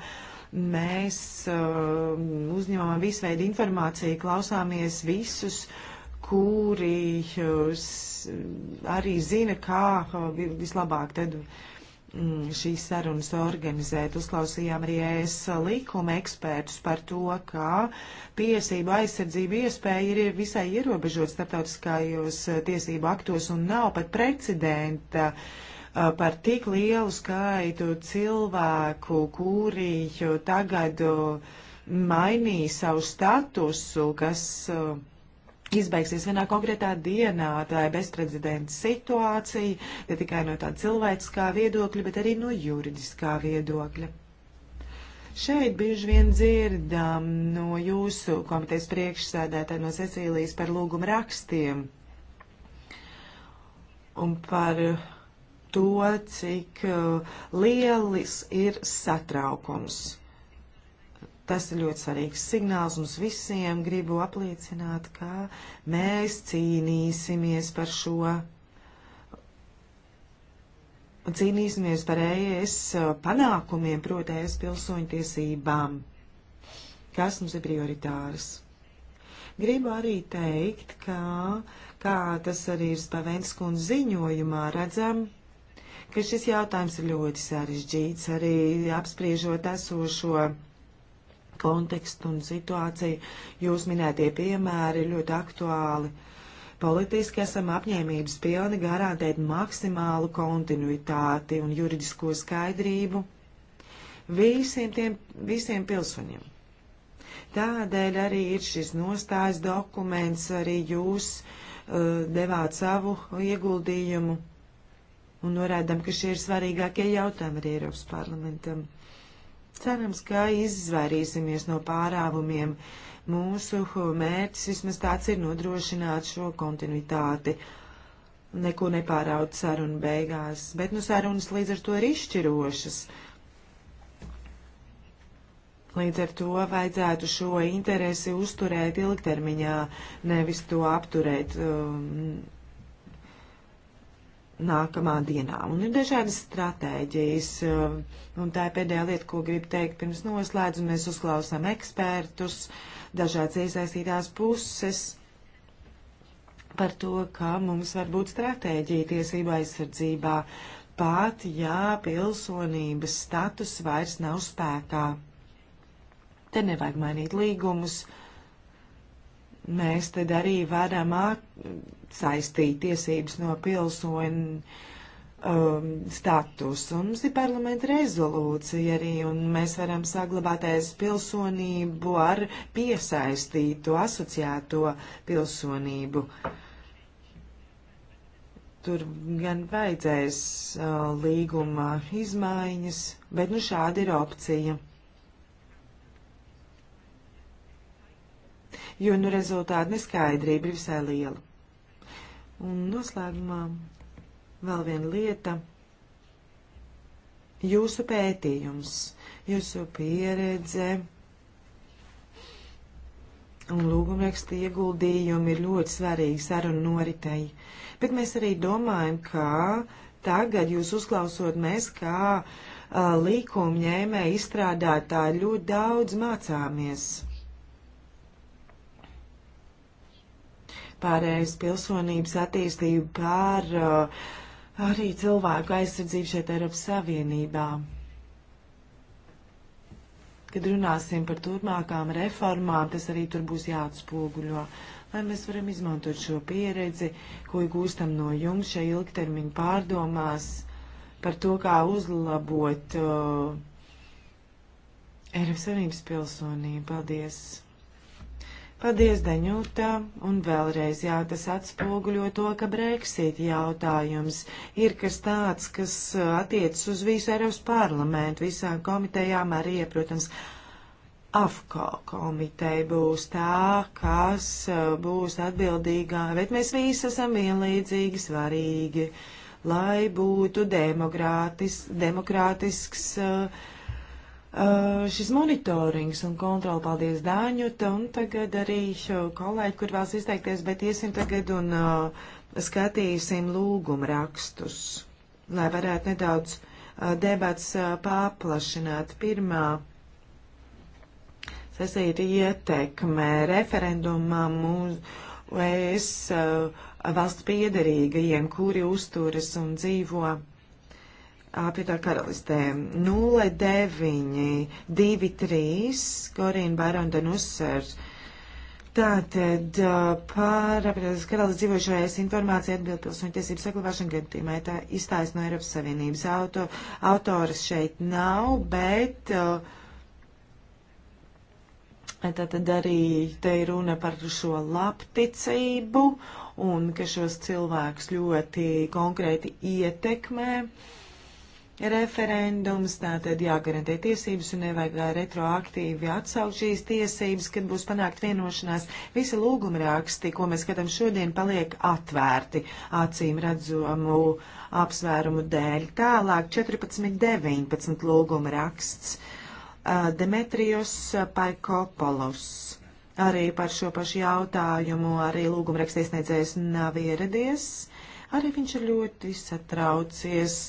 Mēs uh, uzņemam visveidu informāciju, klausāmies visus kuri uh, arī zina, kā uh, vislabāk tad uh, Mm, šīs sarunas organizēt. Uzklausījām arī es likuma ekspertus par to, ka tiesību aizsardzība iespēja ir visai ierobežot starptautiskajos eh, tiesību aktos un nav pat precedenta eh, par tik lielu skaitu cilvēku, kuri tagad eh, mainīja savu statusu, kas uh, izbeigsies vienā konkrētā dienā. Tā ir bezprecedenta situācija, ne tikai no tāda cilvēciskā viedokļa, bet arī no juridiskā viedokļa. Šeit bieži vien dzirdam no jūsu komitejas priekšsēdētāja no Cecīlijas par lūgumu rakstiem un par to, cik lielis ir satraukums Tas ir ļoti svarīgs signāls mums visiem. Gribu apliecināt, ka mēs cīnīsimies par šo. Cīnīsimies par ES panākumiem, proti, ES pilsoņu tiesībām, kas mums ir prioritāras. Gribu arī teikt, ka, kā tas arī ir Spavenskundas ziņojumā, redzam, ka šis jautājums ir ļoti sarežģīts, arī apspriežot esošo kontekstu un situāciju. Jūs minētie piemēri ir ļoti aktuāli. Politiski esam apņēmības pilni garantēt maksimālu kontinuitāti un juridisko skaidrību visiem, tiem, visiem pilsoņiem. Tādēļ arī ir šis nostājas dokuments, arī jūs uh, devāt savu ieguldījumu un norādām, ka šie ir svarīgākie jautājumi arī Eiropas parlamentam. Uh, Cerams, ka izvairīsimies no pārāvumiem. Mūsu mērķis vismaz tāds ir nodrošināt šo kontinuitāti. Neko nepāraut sarunu beigās, bet nu sarunas līdz ar to ir izšķirošas. Līdz ar to vajadzētu šo interesi uzturēt ilgtermiņā, nevis to apturēt. Um, nākamā dienā. Un ir dažādas stratēģijas, um, un tā ir pēdējā lieta, ko gribu teikt pirms noslēdzu. Mēs uzklausām ekspertus, dažādas iesaistītās puses par to, kā mums var būt stratēģija tiesība aizsardzībā, pat ja pilsonības status vairs nav spēkā. Te nevajag mainīt līgumus. Mēs tad arī varam atsaistīt tiesības no pilsoņu um, status. Un mums ir parlamenta rezolūcija arī, un mēs varam saglabāties pilsonību ar piesaistīto, asociēto pilsonību. Tur gan vajadzēs uh, līguma izmaiņas, bet nu šāda ir opcija. jo nu rezultāti neskaidrība ir visai liela. Un noslēgumā vēl viena lieta. Jūsu pētījums, jūsu pieredze un lūgumraksta ieguldījumi ir ļoti svarīgi sarunu noritei. Bet mēs arī domājam, ka tagad jūs uzklausot mēs kā uh, līkumņēmē izstrādātāji ļoti daudz mācāmies. pārējais pilsonības attīstību, pār uh, arī cilvēku aizsardzību šeit Eiropas Savienībā. Kad runāsim par turpmākām reformām, tas arī tur būs jāatspoguļo, lai mēs varam izmantot šo pieredzi, ko iegūstam no jums šai ilgtermiņa pārdomās par to, kā uzlabot uh, Eiropas Savienības pilsonību. Paldies! Paldies, Daņūta, un vēlreiz jā, tas atspoguļo to, ka Brexit jautājums ir kas tāds, kas uh, attiecas uz visu Eiropas parlamentu, visām komitejām arī, protams, AFKO komiteja būs tā, kas uh, būs atbildīgā, bet mēs visi esam vienlīdzīgi svarīgi, lai būtu demokrātis, demokrātisks. Uh, Uh, šis monitorings un kontrola, paldies Dāņuta, un tagad arī kolēģi, kur vēlas izteikties, bet iesim tagad un uh, skatīsim lūgumu rakstus, lai varētu nedaudz uh, debats uh, paplašināt. Pirmā sesija ir ietekme referendumam uz. Es uh, valsts piederīgajiem, kuri uzturas un dzīvo apvienotā karalistē 0923 Korīna Barona Danusers. Tātad par apvienotās karalistes dzīvošajās informācija atbild pilsoņu tiesību saglabāšanu gadījumā tā izstājas no Eiropas Savienības. Auto, autoras šeit nav, bet. Tātad arī te ir runa par šo labticību un ka šos cilvēkus ļoti konkrēti ietekmē. Uh, referendums, tātad jāgarantē tiesības un nevajag retroaktīvi atsaukt šīs tiesības, kad būs panākt vienošanās. Visi lūgumraksti, ko mēs skatām šodien, paliek atvērti acīm redzamu apsvērumu dēļ. Tālāk 14.19 lūgumraksts. Demetrijos Paikopolos. Arī par šo pašu jautājumu arī lūgumrakstiesniedzējs nav ieradies. Arī viņš ir ļoti satraucies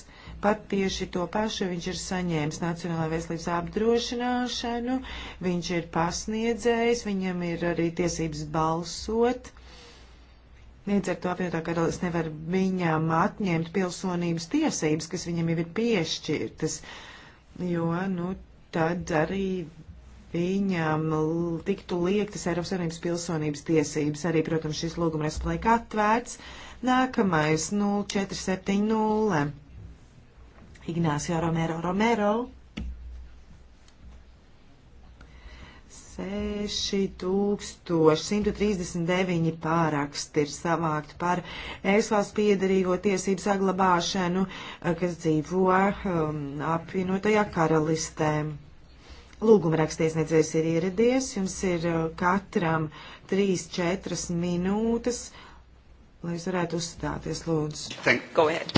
pat tieši to pašu viņš ir saņēmis Nacionālā veselības apdrošināšanu, viņš ir pasniedzējis, viņam ir arī tiesības balsot. Līdz ar to apvienotā karalists nevar viņam atņemt pilsonības tiesības, kas viņam jau ir piešķirtas, jo, nu, tad arī viņam tiktu liektas Eiropas Savienības pilsonības tiesības. Arī, protams, šis lūguma respublika atvērts. Nākamais 0470. Nu, Ignacio Romero Romero. 6139 pāraksti ir savākt par ēsvalsts piedarīgo tiesību saglabāšanu, kas dzīvo um, apvienotajā karalistē. Lūguma rakstiesniedzējs ir ieradies, jums ir uh, katram 3-4 minūtes, lai jūs varētu uzstāties, lūdzu. Thank, go ahead.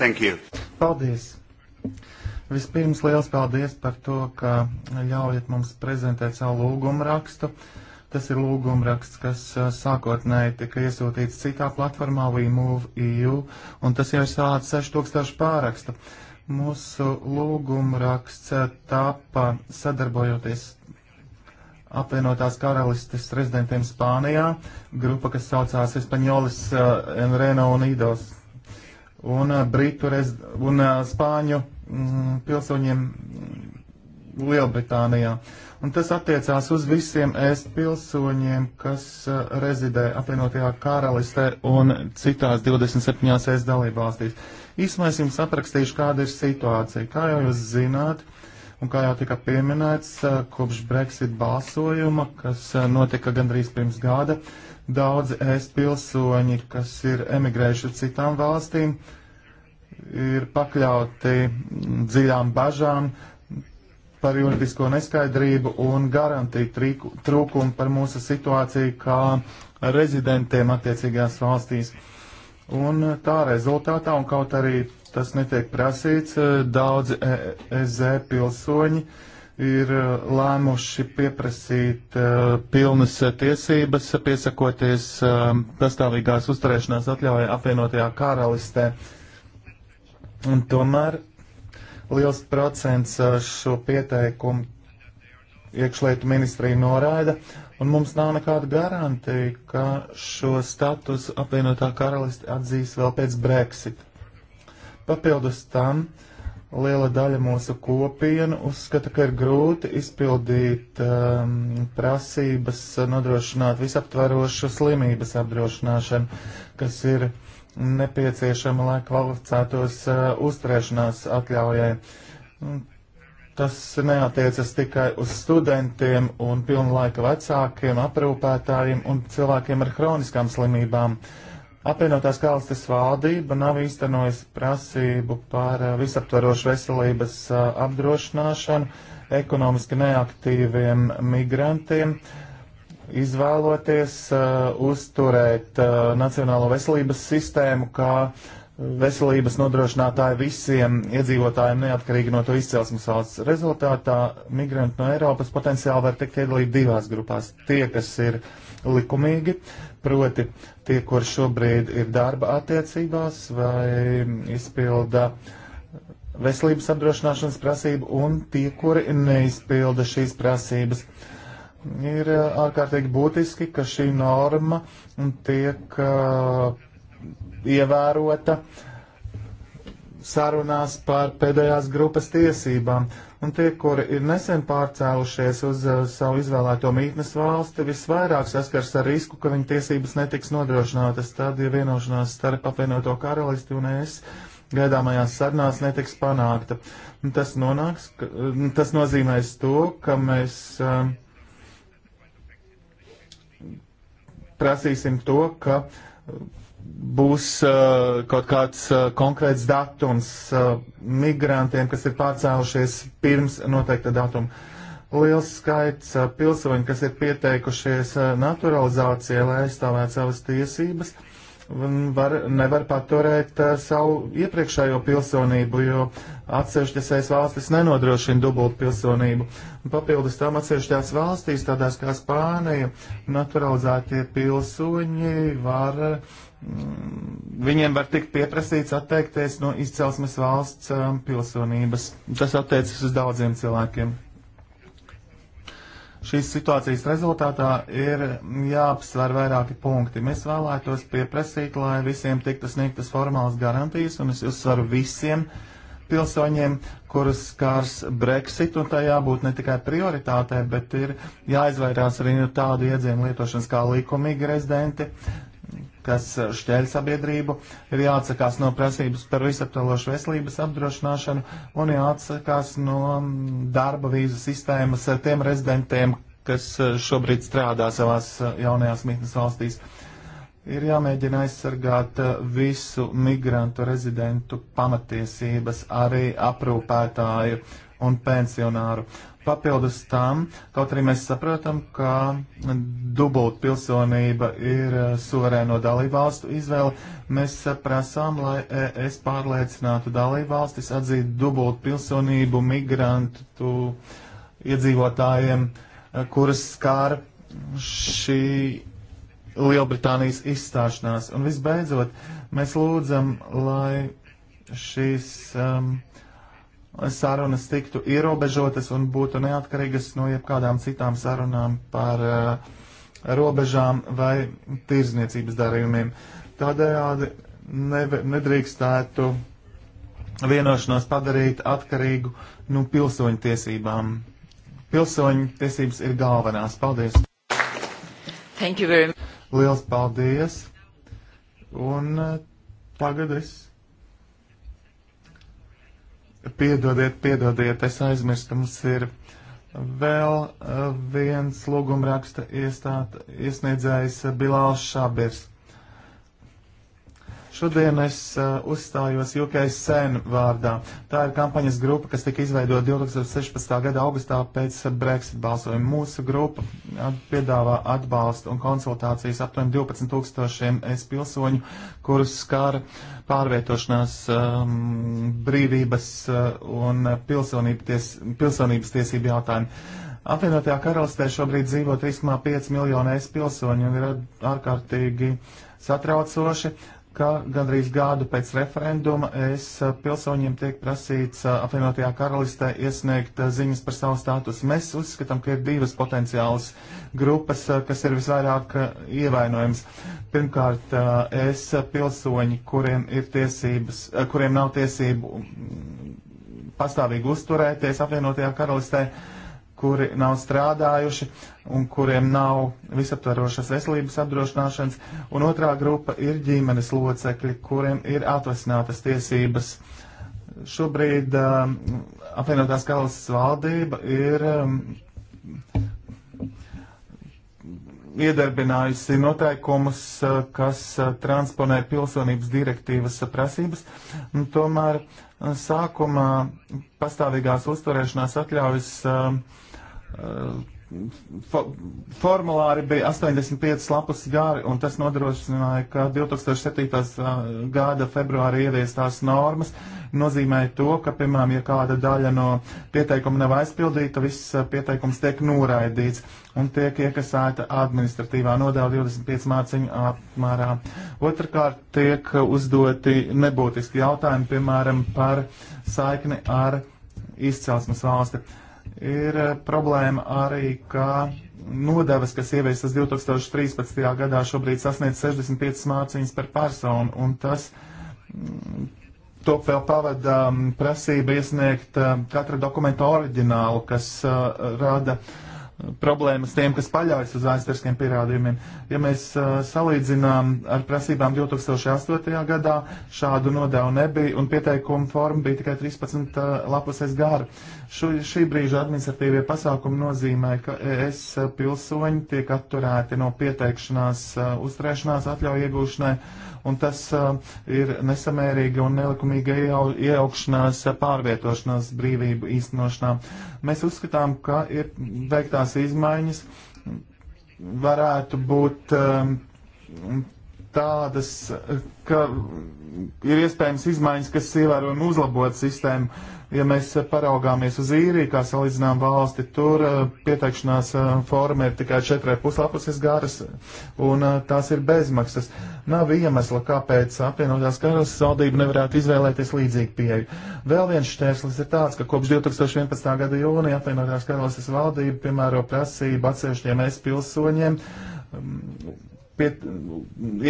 Thank you. Paldies. Vispirms liels paldies par to, ka ļaujat mums prezentēt savu lūgumu rakstu. Tas ir lūguma raksts, kas eh, sākotnēji tika iesūtīts citā platformā, WeMove.eu, un tas jau ir sācis 6000 pārakstu. Mūsu lūguma raksts eh, tapa sadarbojoties apvienotās karalistes rezidentiem Spānijā, grupa, kas saucās Espaņolis, Enreno eh, un Idos un eh, Britu rez, un eh, Spāņu mm, pilsoņiem Lielbritānijā. Un tas attiecās uz visiem ēst pilsoņiem, kas eh, rezidē apvienotajā karalistē un citās 27 ēst dalībvalstīs. Īsmais jums aprakstīšu, kāda ir situācija. Kā jau jūs zināt, uh, Un kā jau tika pieminēts, kopš Brexit balsojuma, kas notika gandrīz pirms gada, daudzi es pilsoņi, kas ir emigrējuši uz citām valstīm, ir pakļauti dziļām bažām par juridisko neskaidrību un garantīju trūkumu par mūsu situāciju kā rezidentiem attiecīgās valstīs. Un tā rezultātā, un kaut arī tas netiek prasīts. Eh, daudzi EZ e pilsoņi ir eh, lēmuši pieprasīt eh, pilnas tiesības, piesakoties pastāvīgās uzturēšanās atļauja apvienotajā karalistē. Un tomēr liels procents šo pieteikumu iekšlietu ministrija noraida, un mums nav nekāda garantija, ka šo statusu apvienotā karalisti atzīs vēl pēc Brexita. Papildus tam liela daļa mūsu kopienu uzskata, ka ir grūti izpildīt um, prasības nodrošināt visaptvarošu slimības apdrošināšanu, kas ir nepieciešama, lai kvalificētos uh, uzturēšanās atļaujai. Mm, tas neatiecas tikai uz studentiem un pilnlaika vecākiem, aprūpētājiem un cilvēkiem ar hroniskām slimībām. Uh, Apvienotās karalistes valdība nav īstenojusi prasību par eh, visaptverošu veselības eh, apdrošināšanu ekonomiski neaktīviem migrantiem, izvēloties eh, uzturēt Nacionālo veselības sistēmu kā veselības nodrošinātāji visiem iedzīvotājiem neatkarīgi no to izcelsmes valsts. Rezultātā migranti no Eiropas potenciāli var tikt iedalīti divās grupās. Tie, kas ir likumīgi proti tie, kur šobrīd ir darba attiecībās vai izpilda veselības apdrošināšanas prasību un tie, kuri neizpilda šīs prasības. Ir uh, ārkārtīgi būtiski, ka šī norma tiek uh, ievērota sarunās par pēdējās grupas tiesībām un tie, kuri ir nesen pārcēlušies uz uh, savu izvēlēto mītnes valsti, visvairāk saskars ar risku, ka viņu tiesības netiks nodrošinātas, tad, ja vienošanās starp apvienoto karalisti un es gaidāmajās sarunās netiks panākta. Tas, nonāks, ka, tas nozīmēs to, ka mēs uh, prasīsim to, ka uh, būs uh, kaut kāds uh, konkrēts datums uh, migrantiem, kas ir pārcēlušies pirms noteikta datuma. Liels skaits uh, pilsoņu, kas ir pieteikušies uh, naturalizācijai, lai aizstāvētu savas tiesības, var, nevar paturēt uh, savu iepriekšējo pilsonību, jo atsevišķas es valstis nenodrošina dubult pilsonību. Papildus tam atsevišķās valstīs, tādās kā Spānija, naturalizētie pilsoņi var uh, Mm, viņiem var tikt pieprasīts atteikties no izcelsmes valsts um, pilsonības. Tas attiecas uz daudziem cilvēkiem. Šīs situācijas rezultātā ir jāapsver vairāki punkti. Mēs vēlētos pieprasīt, lai visiem tiktu sniegtas formālas garantijas, un es uzsveru visiem pilsoņiem, kurus skārs Brexit, un tā jābūt ne tikai prioritātē, bet ir jāizvairās arī no tādu iedzienu lietošanas kā likumīgi rezidenti, kas eh, šķēļ sabiedrību, ir jāatsakās no prasības par visaptverošu veselības apdrošināšanu un jāatsakās no mm, darba vīzu sistēmas tiem rezidentiem, kas eh, šobrīd strādā savās eh, jaunajās mītnes valstīs. Ir jāmēģina aizsargāt visu migrantu rezidentu pamatiesības, arī aprūpētāju un pensionāru. Papildus tam, kaut arī mēs saprotam, ka dubult pilsonība ir eh, suverēno dalībvalstu izvēle, mēs prasām, lai es pārliecinātu dalībvalstis atzīt dubult pilsonību migrantu iedzīvotājiem, eh, kuras skāra šī Lielbritānijas izstāšanās. Un visbeidzot, mēs lūdzam, lai šīs. Um, ehm, sarunas tiktu ierobežotas un būtu neatkarīgas no jebkādām citām sarunām par uh, robežām vai tirzniecības darījumiem. Tādējādi ne, nedrīkstētu vienošanos padarīt atkarīgu no nu, pilsoņu tiesībām. Pilsoņu tiesības ir galvenās. Paldies! Thank you very much! Liels paldies! Un uh, tagad es Piedodiet, piedodiet, es aizmirstu, mums ir vēl eh, viens lūgumraksta iesniedzējs eh, Bilāls Šabers. Šodien es uh, uzstājos UK Sen vārdā. Tā ir kampaņas grupa, kas tika izveidota 2016. gada augustā pēc Brexit balsojuma. Mūsu grupa at piedāvā atbalstu un konsultācijas aptuveni 12 tūkstošiem es pilsoņu, kurus skāra pārvietošanās um, brīvības uh, un pilsonība ties, pilsonības tiesību jautājumi. Apvienotajā karalistē šobrīd dzīvo 3,5 miljonu es pilsoņu un ir ārkārtīgi satraucoši, ka gandrīz gādu pēc referenduma es eh, pilsoņiem tiek prasīts eh, apvienotajā karalistē iesniegt eh, ziņas par savu statusu. Mēs uzskatām, ka ir divas potenciālas grupas, kas ir visvairāk ievainojums. Pirmkārt, es pilsoņi, kuriem ir tiesības, kuriem nav tiesību mm, pastāvīgi uzturēties apvienotajā karalistē kuri nav strādājuši un kuriem nav visaptvarošas veselības apdrošināšanas, un otrā grupa ir ģimenes locekļi, kuriem ir atvasinātas tiesības. Šobrīd um, apvienotās karalists valdība ir um, iedarbinājusi noteikumus, uh, kas uh, transponē pilsonības direktīvas prasības, un tomēr uh, sākumā pastāvīgās uzturēšanās atļaujas uh, fo formulāri bija 85 lapas gari, un tas nodrošināja, ka 2007. Uh, gada februāri ieviestās normas nozīmēja to, ka, piemēram, ja kāda daļa no pieteikuma nav aizpildīta, viss uh, pieteikums tiek noraidīts un tiek iekasēta administratīvā nodeva 25 māciņu apmērā. Otrakārt tiek uzdoti nebūtiski jautājumi, piemēram, par saikni ar izcelsmes valsti. Uh, Ir eh, problēma arī, ka nodevas, kas ieviestas 2013. gadā, šobrīd sasniedz 65 mārciņas par personu, un tas mm, to vēl pavada mm, prasība iesniegt eh, katra dokumenta oriģinālu, kas eh, rada problēmas tiem, kas paļaujas uz aiztarskiem pierādījumiem. Ja mēs uh, salīdzinām ar prasībām 2008. gadā, šādu nodevu nebija un pieteikuma forma bija tikai 13 uh, lapuses gara. Šo, šī brīža administratīvie pasākumi nozīmē, ka ES pilsoņi tiek atturēti no pieteikšanās e, uzturēšanās atļauju iegūšanai, un tas e, ir nesamērīga un nelikumīga iejaukšanās e, pārvietošanās brīvību īstenošanā. Mēs uzskatām, ka ir veiktās izmaiņas varētu būt um, tādas, ka ir iespējams izmaiņas, kas ievērojami uzlabot sistēmu, Ja mēs eh, paraugāmies uz īriju, kā salīdzinām valsti, tur eh, pieteikšanās eh, forma ir tikai 4,5 lapuses garas, un tās ir bezmaksas. Nav iemesla, kāpēc apvienotās karas valdība nevarētu izvēlēties līdzīgu pieeju. Vēl viens šķērslis ir tāds, ka kopš 2011. gada jūnija apvienotās karalistes valdība piemēro prasību atsevišķiem es pilsoņiem pie,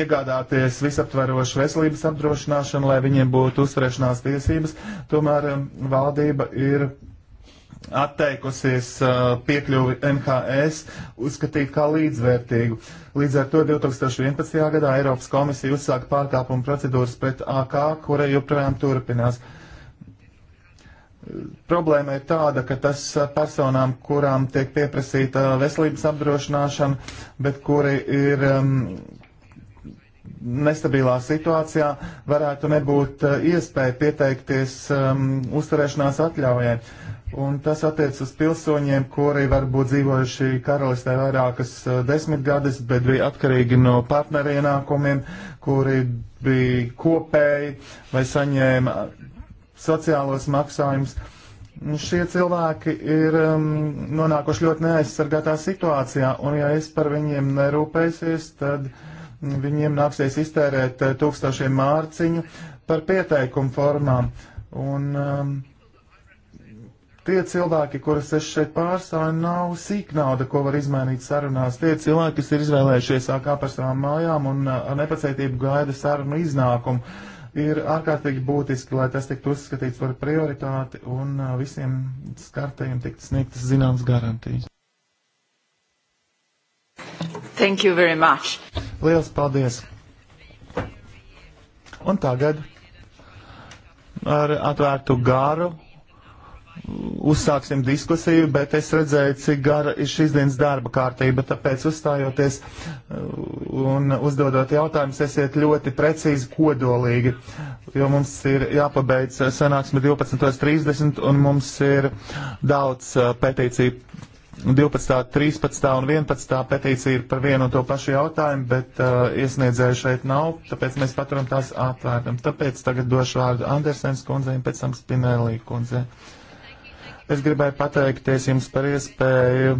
iegādāties visaptverošu veselības apdrošināšanu, lai viņiem būtu uzturēšanās tiesības, tomēr um, valdība ir atteikusies uh, piekļuvi NHS uzskatīt kā līdzvērtīgu. Līdz ar to 2011. gadā Eiropas komisija uzsāka pārkāpumu procedūras pret AK, kura joprojām turpinās. Uh, Problēma ir tāda, ka tas eh, personām, kurām tiek pieprasīta veselības apdrošināšana, bet kuri ir um, nestabilā situācijā varētu nebūt uh, iespēja pieteikties um, uzturēšanās atļaujai. Un tas attiec uz pilsoņiem, kuri varbūt dzīvojuši karalistē vairākas uh, desmitgades, bet bija atkarīgi no partnerienākumiem, kuri bija kopēji vai saņēma sociālos maksājumus. Nu, šie cilvēki ir um, nonākuši ļoti neaizsargātā situācijā, un ja es par viņiem nerūpēsies, tad viņiem nāksies iztērēt eh, tūkstošiem mārciņu par pieteikumu formām. Un, um, tie cilvēki, kurus es šeit pārstāvu, nav sīknauda, ko var izmainīt sarunās. Tie cilvēki, kas ir izvēlējušies ākā par savām mājām un uh, ar nepacietību gaida sarunu iznākumu ir ārkārtīgi būtiski, lai tas tiktu uzskatīts par prioritāti un visiem skartajiem tiktu sniegtas zināmas garantijas. Thank you very much. Lielas paldies. Un tagad ar atvērtu gāru uzsāksim diskusiju, bet es redzēju, cik gara ir šīs dienas darba kārtība, tāpēc uzstājoties uh, un uzdodot jautājumus, esiet ļoti precīzi kodolīgi, jo mums ir jāpabeidz sanāksme 12.30 un mums ir daudz uh, petīciju. 12., 13. un 11. petīcija ir par vienu un to pašu jautājumu, bet uh, iesniedzēju šeit nav, tāpēc mēs paturam tās atvērtam. Tāpēc tagad došu vārdu Andersens kundzei un pēc tam Spinelī kundzei. Uh, Es gribēju pateikties jums par iespēju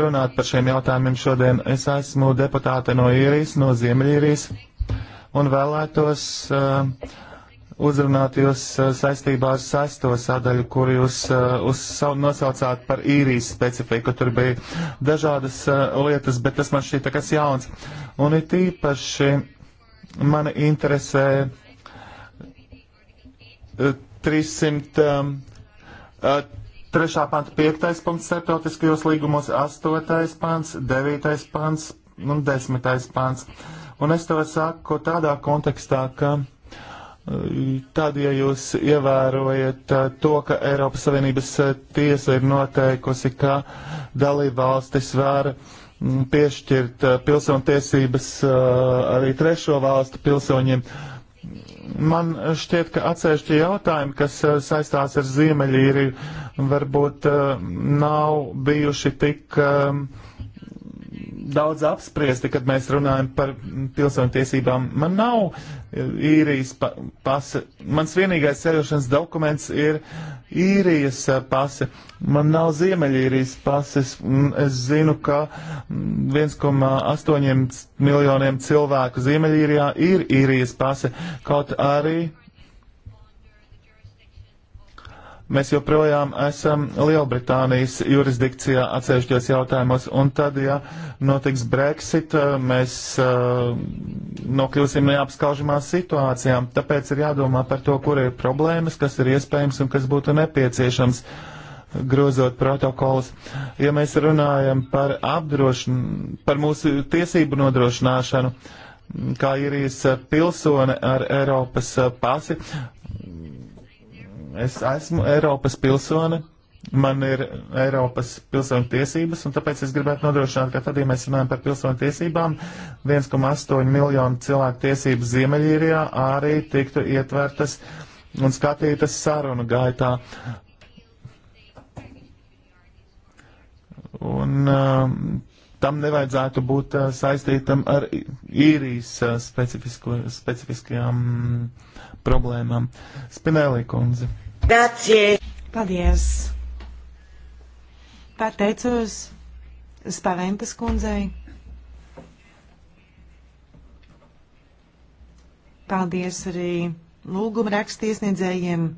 runāt par šiem jautājumiem šodien. Es esmu deputāte no īrijas, no Ziemeļīrijas, un vēlētos uh, uzrunāt jūs uh, saistībā ar sesto sadaļu, kur jūs uh, uz, savu, nosaucāt par īrijas specifiku. Tur bija dažādas uh, lietas, bet tas man šķita kas jauns. Un it īpaši mani interesē uh, 300. Um, Uh, trešā panta piektais punkts starptautiskajos līgumos, astotais pants, devītais pants un desmitais pants. Un es to saku tādā kontekstā, ka. Uh, tad, ja jūs ievērojat uh, to, ka Eiropas Savienības tiesa ir noteikusi, ka dalībvalstis var mm, piešķirt pilsontiesības arī trešo valstu pilsoņiem, uh, Man šķiet, ka atsevišķi jautājumi, kas eh, saistās ar Ziemeļīriju, varbūt eh, nav bijuši tik. Um, daudz apspriesti, kad mēs runājam par pilsoņu tiesībām. Man nav e, īrijas pa pase. Mans vienīgais ceļošanas dokuments ir īrijas e, pase. Man nav Ziemeļīrijas pases. Es zinu, ka 1,8 miljoniem cilvēku Ziemeļīrijā ir īrijas pase. Kaut arī Mēs joprojām esam Lielbritānijas jurisdikcijā atsevišķos jautājumos, un tad, ja notiks Brexit, mēs uh, nokļūsim neapskaužamās situācijām. Tāpēc ir jādomā par to, kur ir problēmas, kas ir iespējams un kas būtu nepieciešams grozot protokolus. Ja mēs runājam par apdrošinu, par mūsu tiesību nodrošināšanu, kā īrijas pilsone ar Eiropas pasi, Es esmu Eiropas pilsone, man ir Eiropas pilsoņu tiesības, un tāpēc es gribētu nodrošināt, ka tad, ja mēs runājam par pilsoņu tiesībām, 1,8 miljonu cilvēku tiesības Ziemeļīrijā arī tiktu ietvertas un skatītas sarunu gaitā. Un um, tam nevajadzētu būt uh, saistītam ar īrijas uh, specifiskajām problēmām. Spinelī kundze. Dācie! Paldies! Pateicos Spaventas kundzei. Paldies arī lūguma rakstiesniedzējiem.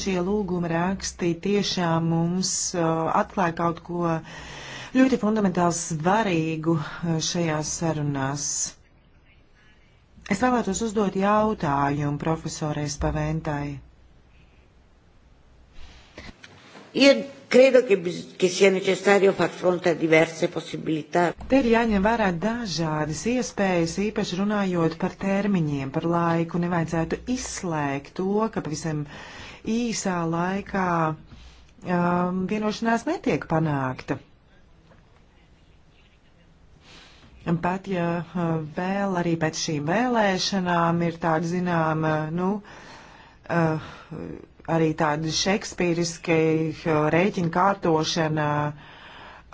Šie lūguma raksti tiešām mums uh, atklāja kaut ko ļoti fundamentāli svarīgu uh, šajās sarunās. Es vēlētos uzdot jautājumu profesorei Spaventai. Io credo che, che sia necessario far fronte a diverse possibilità. Te ir jāņem vērā dažādas iespējas, īpaši runājot par termiņiem, par laiku. Nevajadzētu izslēgt to, ka pavisam īsā laikā um, vienošanās netiek panākta. Pat ja uh, vēl arī pēc šīm vēlēšanām ir tāda zināma, nu, uh, arī tāda šekspīriska eh, rēķina kārtošana eh,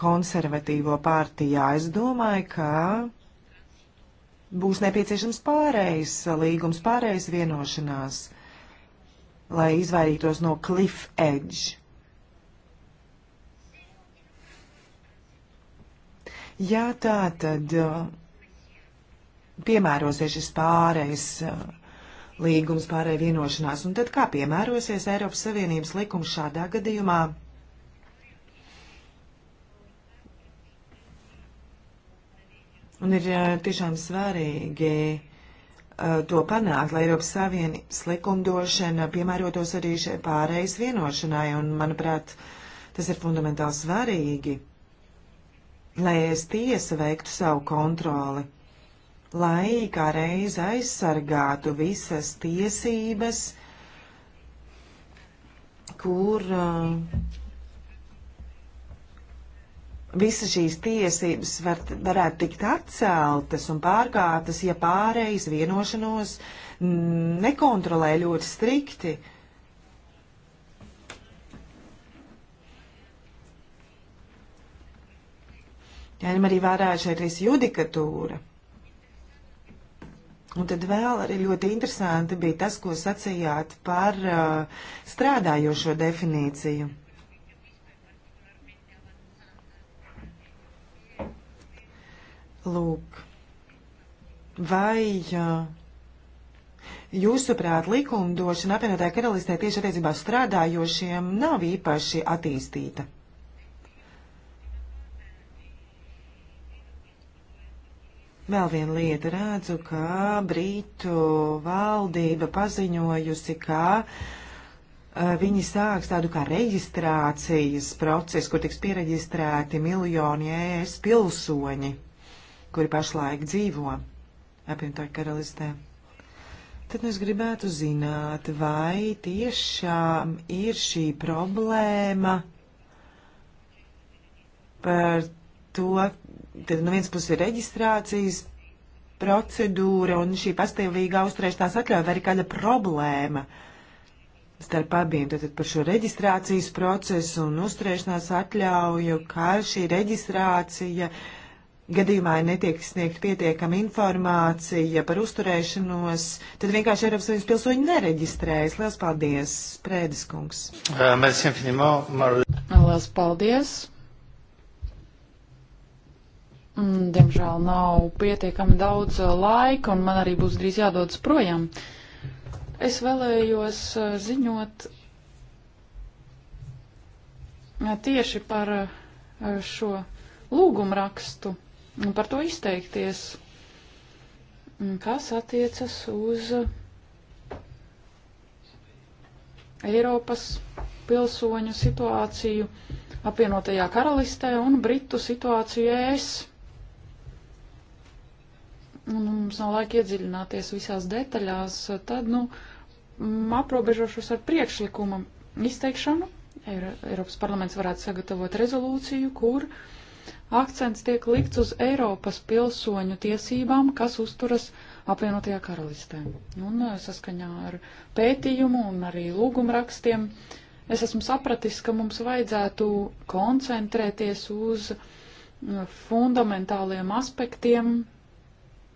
konservatīvo partijā. Es domāju, ka būs nepieciešams pārējais līgums, pārējais vienošanās, lai izvairītos no cliff edge. Jā, tā tad eh, piemērosies šis pārējais līgums pārēj vienošanās, un tad kā piemērosies Eiropas Savienības likums šādā gadījumā? Un ir eh, tiešām svarīgi eh, to panākt, lai Eiropas Savienības likumdošana piemērotos arī šai pārējais vienošanai, un, manuprāt, tas ir fundamentāli svarīgi, lai es tiesa veiktu savu kontroli lai kā reiz aizsargātu visas tiesības, kur uh, visas šīs tiesības var, varētu tikt atceltas un pārkāptas, ja pārējais vienošanos nekontrolē ļoti strikti. Jāņem arī vērā šeit viss judikatūra. Un tad vēl arī ļoti interesanti bija tas, ko sacījāt par uh, strādājošo definīciju. Lūk, vai uh, jūsuprāt likumdošana apvienotāja karalistē tieši attiecībā strādājošiem nav īpaši attīstīta? Vēl viena lieta redzu, ka Brītu valdība paziņojusi, ka uh, viņi sāks tādu kā reģistrācijas procesu, kur tiks piereģistrēti miljoni ES pilsoņi, kuri pašlaik dzīvo apvienotāju karalistē. Tad es gribētu zināt, vai tiešām ir šī problēma par to, tad no vienas puses ir reģistrācijas procedūra un šī pastāvīgā uzturēšanās atļauja vai ir kāda problēma starp abiem. Tad par šo reģistrācijas procesu un uzturēšanās atļauju, kā šī reģistrācija gadījumā netiek sniegt pietiekama informācija par uzturēšanos, tad vienkārši Eiropas Savienības pilsoņi nereģistrējas. Lielas paldies, Prēdiskungs. Uh, Lielas paldies. Mm, diemžēl nav pietiekami daudz uh, laika, un man arī būs drīz jādodas projām. Es vēlējos uh, ziņot uh, tieši par šo lūgumu rakstu un par to izteikties, mm, kas attiecas uz Eiropas pilsoņu situāciju apvienotajā karalistē un Britu situāciju ES nu, mums nav laika iedziļināties visās detaļās, tad, nu, aprobežošos ar priekšlikuma izteikšanu. Eiropas parlaments varētu sagatavot rezolūciju, kur akcents tiek likts uz Eiropas pilsoņu tiesībām, kas uzturas apvienotajā karalistē. Un eh, saskaņā ar pētījumu un arī lūgumrakstiem es esmu sapratis, ka mums vajadzētu koncentrēties uz eh, fundamentāliem aspektiem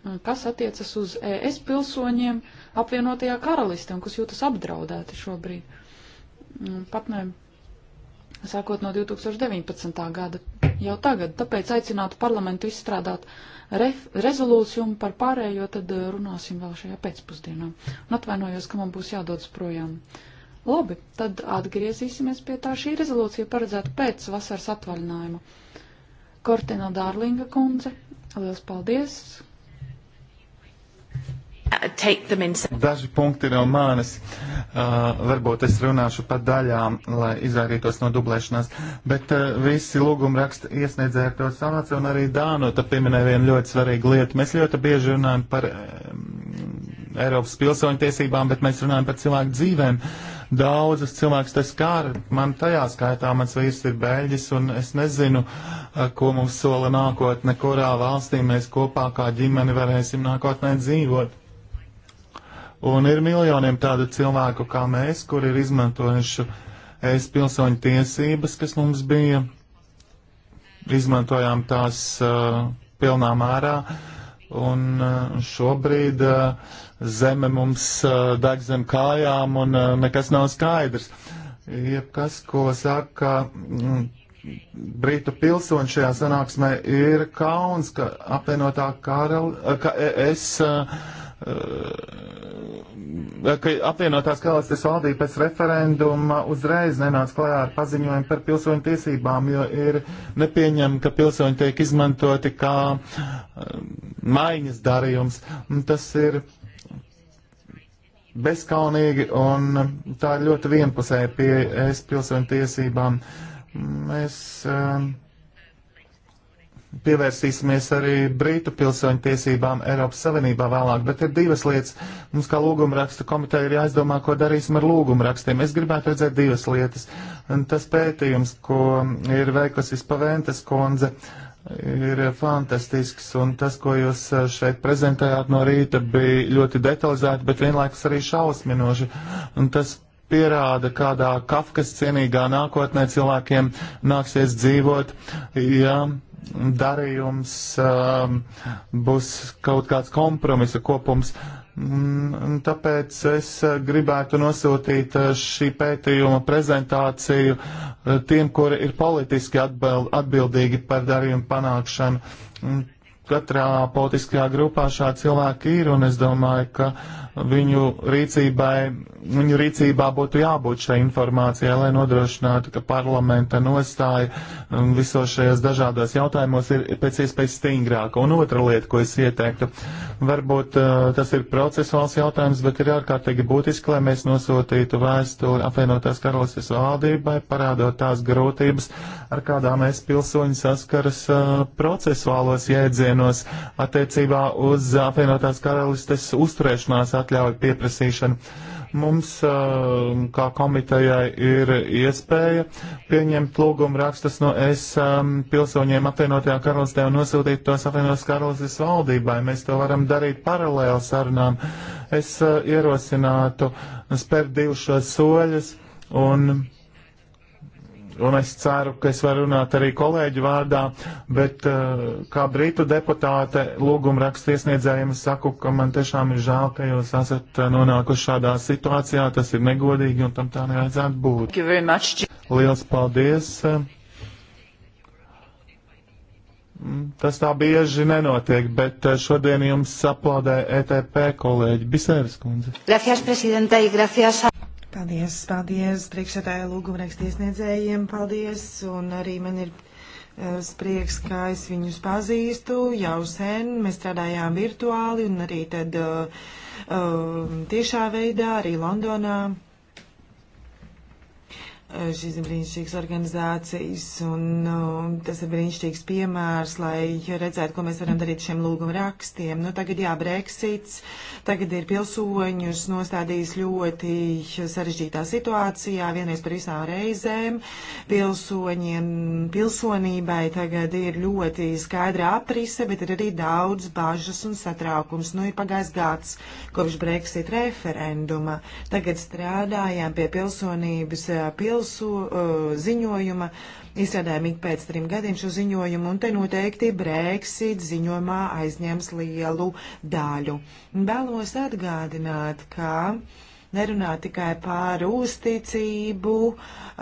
Mm, kas attiecas uz ES pilsoņiem apvienotajā karalistē un kas jūtas apdraudēti šobrīd. Mm, Pat ne sākot no 2019. gada jau tagad. Tāpēc aicinātu parlamentu izstrādāt ref, rezolūciju un par pārējo tad eh, runāsim vēl šajā pēcpusdienā. Un atvainojos, ka man būs jādodas projām. Labi, tad atgriezīsimies pie tā. Šī rezolūcija paredzēta pēc vasaras atvaļinājuma. Kortina Dārlinga kundze, liels paldies! Daži punkti no manis. Uh, varbūt es runāšu pa daļām, lai izvairītos no dublēšanās. Bet uh, visi lūguma raksta iesniedzēja to sanāca un arī Dānota pieminēja vienu ļoti svarīgu lietu. Mēs ļoti bieži runājam par um, Eiropas pilsoņu tiesībām, bet mēs runājam par cilvēku dzīvēm. Daudzas cilvēks tas skār. Man tajā skaitā mans vīrs ir Bēļģis un es nezinu, uh, ko mums sola nākotne, kurā valstī mēs kopā kā ģimeni varēsim nākotnē dzīvot Un ir miljoniem tādu cilvēku kā mēs, kur ir izmantojuši es pilsoņu tiesības, kas mums bija. Izmantojām tās uh, pilnā mērā. Un uh, šobrīd uh, zeme mums uh, deg zem kājām un uh, nekas nav skaidrs. Jebkas, ko saka. Mm, Brītu pilsoņi šajā sanāksmē ir kauns, ka apvienotā karali, ka es uh, ka apvienotās karalistes valdība pēc referenduma uzreiz nenāca klajā ar paziņojumu par pilsoņu tiesībām, jo ir nepieņem, ka pilsoņi tiek izmantoti kā maiņas darījums. Tas ir bezkaunīgi un tā ir ļoti vienpusēja pie es pilsoņu tiesībām. Mēs uh, Pievērsīsimies arī Brītu pilsoņu tiesībām Eiropas Savienībā vēlāk, bet ir divas lietas. Mums kā lūgumraksta komiteja ir jāizdomā, ko darīsim ar lūgumrakstiem. Es gribētu redzēt divas lietas. Un tas pētījums, ko ir veikusi Spaventas kundze, ir fantastisks, un tas, ko jūs šeit prezentējāt no rīta, bija ļoti detalizēti, bet vienlaikus arī šausminoši. Un tas pierāda, kādā kafkas cienīgā nākotnē cilvēkiem nāksies dzīvot, ja darījums um, būs kaut kāds kompromisa kopums. Un mm, tāpēc es uh, gribētu nosūtīt uh, šī pētījuma prezentāciju uh, tiem, kuri ir politiski atbild, atbildīgi par darījumu panākšanu. Mm, katrā politiskajā grupā šādi cilvēki ir, un es domāju, ka viņu, rīcībai, viņu rīcībā būtu jābūt šai informācijai, lai nodrošinātu, ka parlamenta nostāja um, visos šajos dažādos jautājumos ir pēc iespējas stingrāka. Un otra lieta, ko es ieteiktu, varbūt uh, tas ir procesuāls jautājums, bet ir ārkārtīgi būtiski, lai mēs nosūtītu vēstuli apvienotās karalistes valdībai, parādot tās grūtības, ar kādām mēs pilsoņi saskaras uh, procesuālos jēdzienos terminos attiecībā uz apvienotās karalistes uzturēšanās atļauju pieprasīšanu. Mums, uh, kā komitejai, ir iespēja pieņemt lūgumu rakstus no es um, pilsoņiem apvienotajā karalistē un nosūtīt tos apvienotās karalistes valdībai. Mēs to varam darīt paralēli sarunām. Es uh, ierosinātu spērt divus šos soļus un un es ceru, ka es varu runāt arī kolēģu vārdā, bet eh, kā brītu deputāte lūguma rakstiesniedzējiem es saku, ka man tiešām ir žēl, ka jūs esat eh, nonākuši šādā situācijā, tas ir negodīgi un tam tā nevajadzētu būt. Liels paldies! Mm, tas tā bieži nenotiek, bet eh, šodien jums aplaudē ETP kolēģi Biseres kundze. Gracias, presidente, y gracias. Paldies, paldies priekšsēdāja lūguma rakstiesniedzējiem, paldies, un arī man ir eh, prieks, ka es viņus pazīstu jau sen. Mēs strādājām virtuāli un arī tad uh, uh, tiešā veidā, arī Londonā šīs brīnišķīgas organizācijas, un, un nu, tas ir brīnišķīgs piemērs, lai redzētu, ko mēs varam darīt šiem lūguma rakstiem. Nu, tagad, jā, Brexits, tagad ir pilsoņus nostādījis ļoti sarežģītā situācijā, vienreiz par visām reizēm. Pilsoņiem, pilsonībai tagad ir ļoti skaidra aprise, bet ir arī daudz bažas un satraukums. Nu, ir pagājis gads kopš Brexit referenduma. Tagad strādājām pie pilsonības pilsonības Hilsu uh, ziņojuma. Izstrādājam ik pēc trim gadiem šo ziņojumu, un te noteikti Brexit ziņojumā aizņems lielu daļu. Vēlos atgādināt, ka nerunā tikai par uzticību.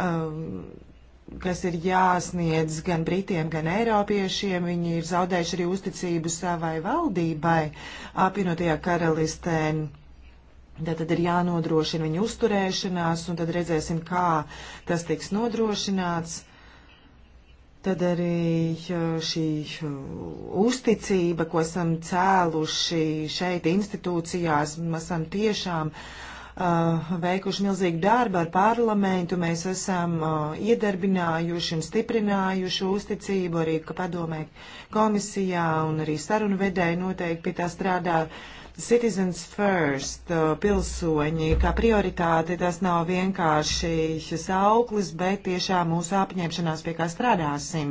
Um, uh, kas ir jāsniedz gan Britiem, gan Eiropiešiem. Viņi ir zaudējuši arī uzticību savai valdībai apvienotajā karalistē. Tātad ir jānodrošina viņu uzturēšanās, un tad redzēsim, kā tas tiks nodrošināts. Tad arī uh, šī uh, uzticība, ko esam cēluši šeit institūcijās, esam tiešām uh, veikuši milzīgu darbu ar parlamentu. Mēs esam uh, iedarbinājuši un stiprinājuši uzticību arī padomē komisijā un arī sarunu vedēji noteikti pie tā strādā. Uh, Citizens First, uh, pilsoņi, kā prioritāte tas nav vienkārši sauklis, bet tiešām mūsu apņemšanās, pie kā strādāsim.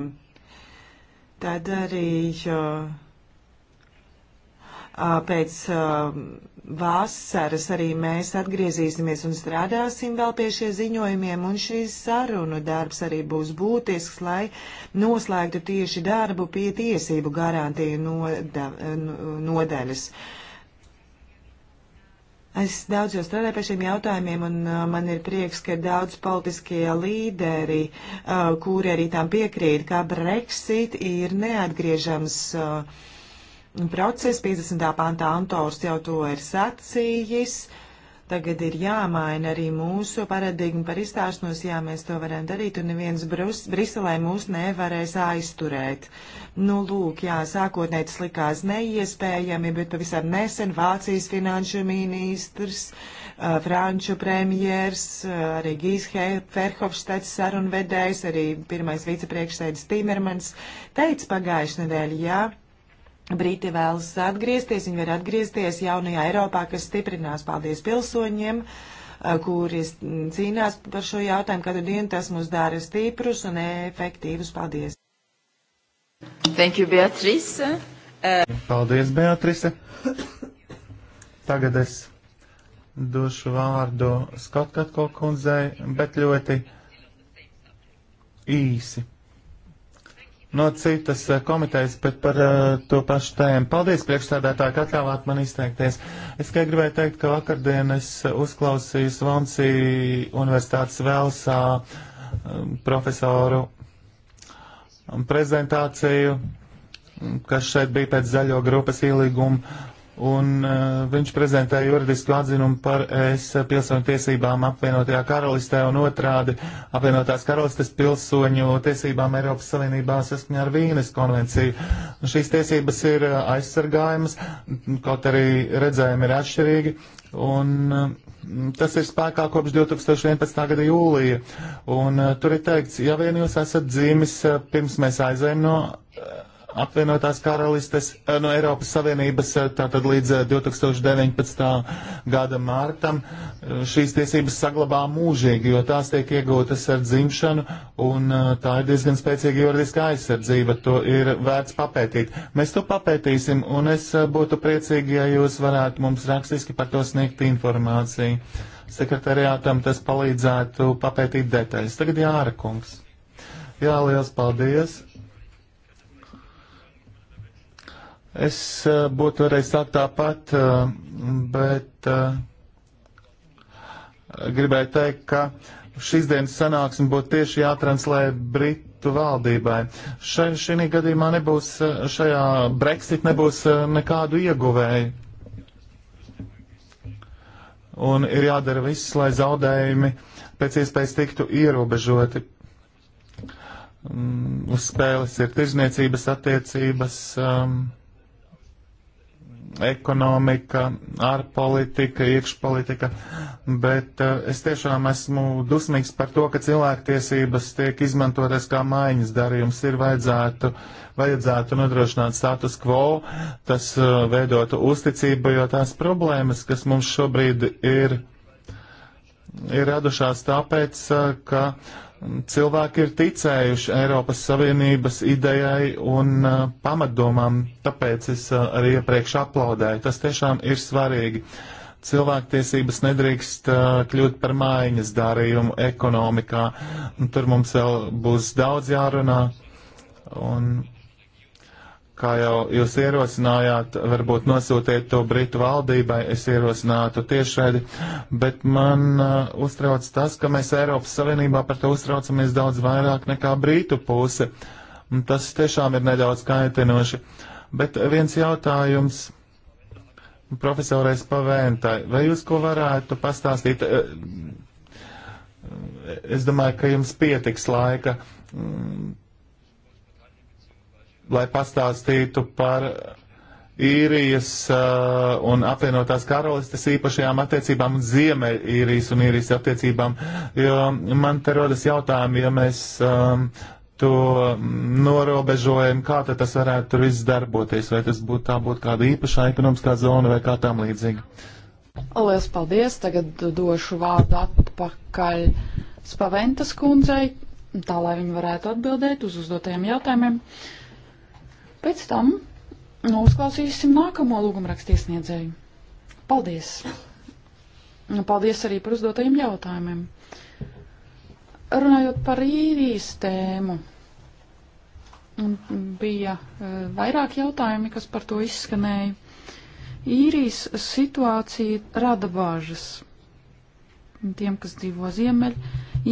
Tad arī uh, uh, pēc um, vasaras arī mēs atgriezīsimies un strādāsim vēl pie šie ziņojumiem, un šīs sarunu darbs arī būs būtisks, lai noslēgtu tieši darbu pie tiesību garantiju nodaļas. No, Es daudz jau strādāju pie šiem jautājumiem, un uh, man ir prieks, ka ir daudz politiskie līderi, uh, kuri arī tam piekrīt, ka Brexit ir neatgriežams uh, process. 50. pantā autors jau to ir sacījis. Uh, Tagad ir jāmaina arī mūsu paradigma par izstāšanos, jā, mēs to varam darīt, un neviens Brus, Briselē mūs nevarēs aizturēt. Nu, lūk, jā, sākotnēji tas likās neiespējami, bet pavisam nesen Vācijas finanšu ministrs, uh, Franču premjers, uh, arī Gīs Ferhofstads sarunvedējs, arī pirmais vicepriekšsēdis Timermans teica pagājušajā nedēļā, jā. Ja, Briti vēlas atgriezties, viņi var atgriezties jaunajā Eiropā, kas stiprinās paldies pilsoņiem, eh, kuri cīnās par šo jautājumu katru dienu. Tas mūs dara stiprus un efektīvus. Paldies! Thank you, Beatrice! Uh... Paldies, Beatrice! Tagad es došu vārdu Skotkatko kundzei, bet ļoti īsi no citas eh, komitejas, bet par uh, to pašu tēmu. Paldies, priekšstādātāji, ka atļāvāt man izteikties. Es tikai gribēju teikt, ka vakardien es eh, uzklausīju Svonsī universitātes Velsā profesoru um, prezentāciju, mm, kas šeit bija pēc zaļo grupas ielīguma, un uh, viņš prezentēja juridisku atzinumu par es pilsoņu tiesībām apvienotajā karalistē un otrādi apvienotās karalistes pilsoņu tiesībām Eiropas Savienībā saskaņā ar Vīnes konvenciju. Un šīs tiesības ir eh, aizsargājamas, kaut arī redzējumi ir atšķirīgi. Un, uh, Tas ir spēkā kopš 2011. gada jūlija. Un, uh, tur ir teikts, ja vien jūs esat dzīvis, uh, pirms mēs aizējām no uh, apvienotās karalistes eh, no Eiropas Savienības, eh, tātad līdz 2019. Eh, gada mārtam šīs tiesības saglabā mūžīgi, jo tās tiek iegūtas ar dzimšanu, un tā ir diezgan spēcīga juridiska aizsardzība. To ir vērts papētīt. Mēs to papētīsim, un es būtu priecīgi, ja jūs varētu mums rakstiski par to sniegt informāciju sekretariātam tas palīdzētu papētīt detaļas. Tagad Jāra kungs. Jā, liels paldies. Es eh, būtu varējis sākt tāpat, eh, bet eh, gribēju teikt, ka šīs dienas sanāksme būtu tieši jātranslē Britu valdībai. Še, šī gadījumā nebūs, šajā Brexit nebūs nekādu ieguvēju. Un ir jādara viss, lai zaudējumi pēc iespējas tiktu ierobežoti mm, uz spēles ir tirzniecības attiecības, um, ekonomika, ārpolitika, iekšpolitika, bet uh, es tiešām esmu dusmīgs par to, ka cilvēktiesības tiek izmantotas kā mājiņas darījums. Ir vajadzētu, vajadzētu nodrošināt status quo, tas uh, eh, veidotu uzticību, jo tās problēmas, kas mums šobrīd ir, ir radušās tāpēc, uh, ka uh, cilvēki ir ticējuši Eiropas Savienības idejai un uh, pamatdomām, tāpēc es uh, arī iepriekš aplaudēju. Tas tiešām ir svarīgi. Cilvēktiesības nedrīkst uh, kļūt par mājiņas darījumu ekonomikā. Un tur mums vēl būs daudz jārunā. Un kā jau jūs ierosinājāt, varbūt nosūtiet to Britu valdībai, es ierosinātu tiešraidi, bet man uh, uztrauc tas, ka mēs Eiropas Savienībā par to uztraucamies daudz vairāk nekā Britu puse. Un tas tiešām ir nedaudz kaitinoši. Bet viens jautājums profesorais Pavēntai, vai jūs ko varētu pastāstīt? Uh, es domāju, ka jums pietiks laika mm, lai pastāstītu par īrijas uh, un apvienotās karalistes īpašajām attiecībām un ziemeļīrijas un īrijas attiecībām, jo man te rodas jautājumi, ja mēs um, to norobežojam, kā tad tas varētu tur viss darboties, vai tas būtu tā būtu kāda īpašā ekonomiskā zona vai kā tam līdzīga. Lielas paldies, tagad došu vārdu atpakaļ Spaventas kundzei, tā lai viņi varētu atbildēt uz uzdotajiem jautājumiem. Uh, Pēc tam nu, uzklausīsim nākamo lūgumrakstu iesniedzēju. Paldies! Paldies arī par uzdotajiem jautājumiem. Runājot par īrijas tēmu, bija e, vairāk jautājumi, kas par to izskanēja. Īrijas situācija rada bāžas tiem, kas dzīvo Ziemeļ,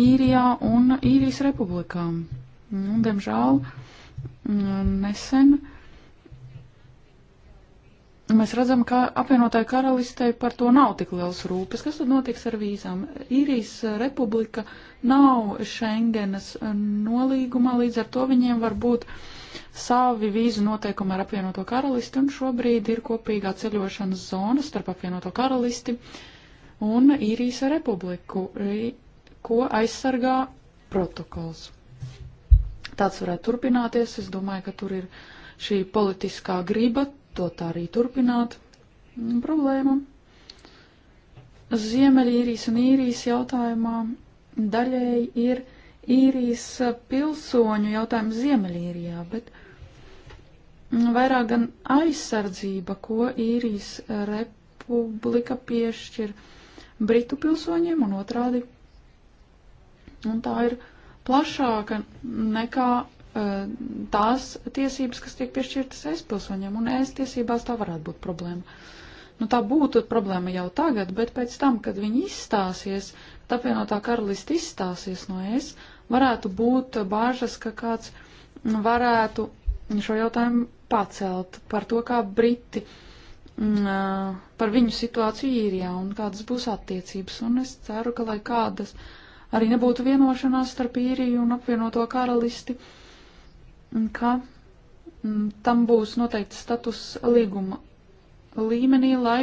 Īrijā un Īrijas republikām. Un, nu, diemžēl, uh, nesen. Mēs redzam, ka apvienotāja karalistei par to nav tik liels rūpes. Kas tad notiks ar vīzām? Īrijas republika nav Schengenas nolīgumā, līdz ar to viņiem var būt savi vīzu noteikumi ar apvienoto karalisti, un šobrīd ir kopīgā ceļošanas zona starp apvienoto karalisti un Īrijas republiku, ko aizsargā protokols tāds varētu turpināties. Es domāju, ka tur ir šī politiskā griba to tā arī turpināt. Mm, problēma Ziemeļīrijas un īrijas jautājumā daļēji ir īrijas pilsoņu jautājums Ziemeļīrijā, bet vairāk gan aizsardzība, ko īrijas republika piešķir britu pilsoņiem un otrādi. Un tā ir plašāka nekā e, tās tiesības, kas tiek piešķirtas es pilsoņiem, un es tiesībās tā varētu būt problēma. Nu, tā būtu problēma jau tagad, bet pēc tam, kad viņi izstāsies, kad apvienotā karalista izstāsies no es, varētu būt bāžas, ka kāds varētu šo jautājumu pacelt par to, kā Briti, mm, e, par viņu situāciju īrijā un kādas būs attiecības. Un es ceru, ka lai kādas uh, arī nebūtu vienošanās starp īriju un apvienoto karalisti, ka mm, tam būs noteikti status līguma līmenī, lai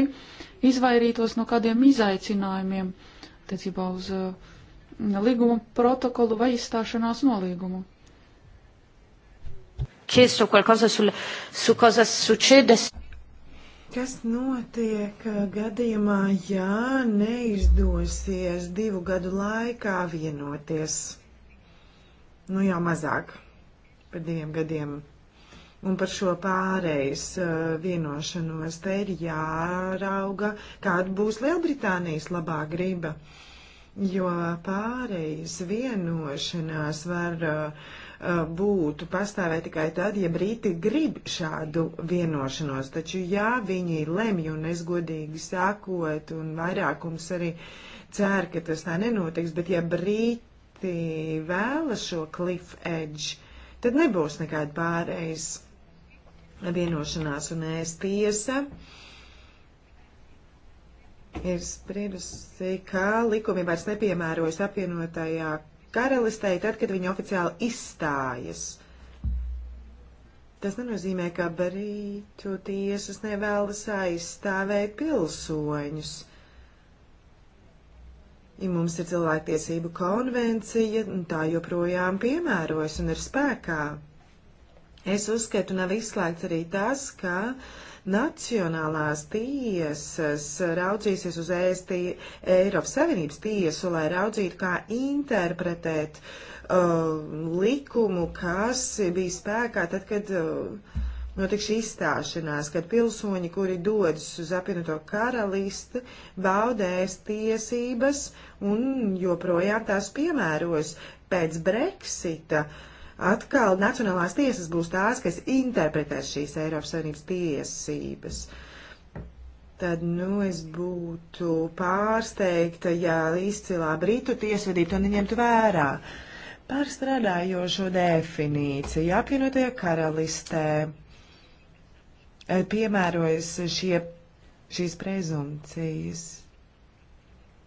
izvairītos no kādiem izaicinājumiem attiecībā uz mm, līguma protokolu vai izstāšanās nolīgumu. Chiesto qualcosa sul, su cosa succede. Kas notiek uh, gadījumā, ja neizdosies divu gadu laikā vienoties? Nu jau mazāk par diviem gadiem. Un par šo pārejas uh, vienošanos te ir jārauga, kāda būs Lielbritānijas labā griba jo pārejas vienošanās var uh, Eh, būtu pastāvē tikai tad, ja Brīti grib šādu vienošanos. Taču, ja viņi lemj, un es godīgi sakot, un vairākums arī cer, ka tas tā nenotiks, bet ja Brīti vēlas šo cliff edge, tad nebūs nekāda pārējais vienošanās un ēst tiesa. Ir spriedusi, ka likumi vairs nepiemērojas apvienotajā karalistei, tad, kad viņi oficiāli izstājas. Tas nenozīmē, ka barīķu tiesas nevēlas aizstāvēt pilsoņus. Ja mums ir cilvēktiesību konvencija, un tā joprojām piemērojas un ir spēkā. Es uzskatu, nav izslēgts arī tas, ka uh, Nacionālās tiesas raudzīsies uz ēstī, Eiropas Savienības tiesu, lai raudzītu, kā interpretēt uh, likumu, kas bija spēkā tad, kad. Uh, Notiks izstāšanās, kad pilsoņi, kuri dodas uz apvienoto karalisti, baudēs tiesības un joprojām tās piemēros pēc Brexita. Uh, atkal Nacionālās tiesas būs tās, kas interpretēs šīs Eiropas Savienības tiesības. Tad, nu, es būtu pārsteigta, ja izcilā Britu tiesvedība to neņemtu vērā. Par strādājošo definīciju apvienotajā karalistē eh, piemērojas šie, šīs prezumcijas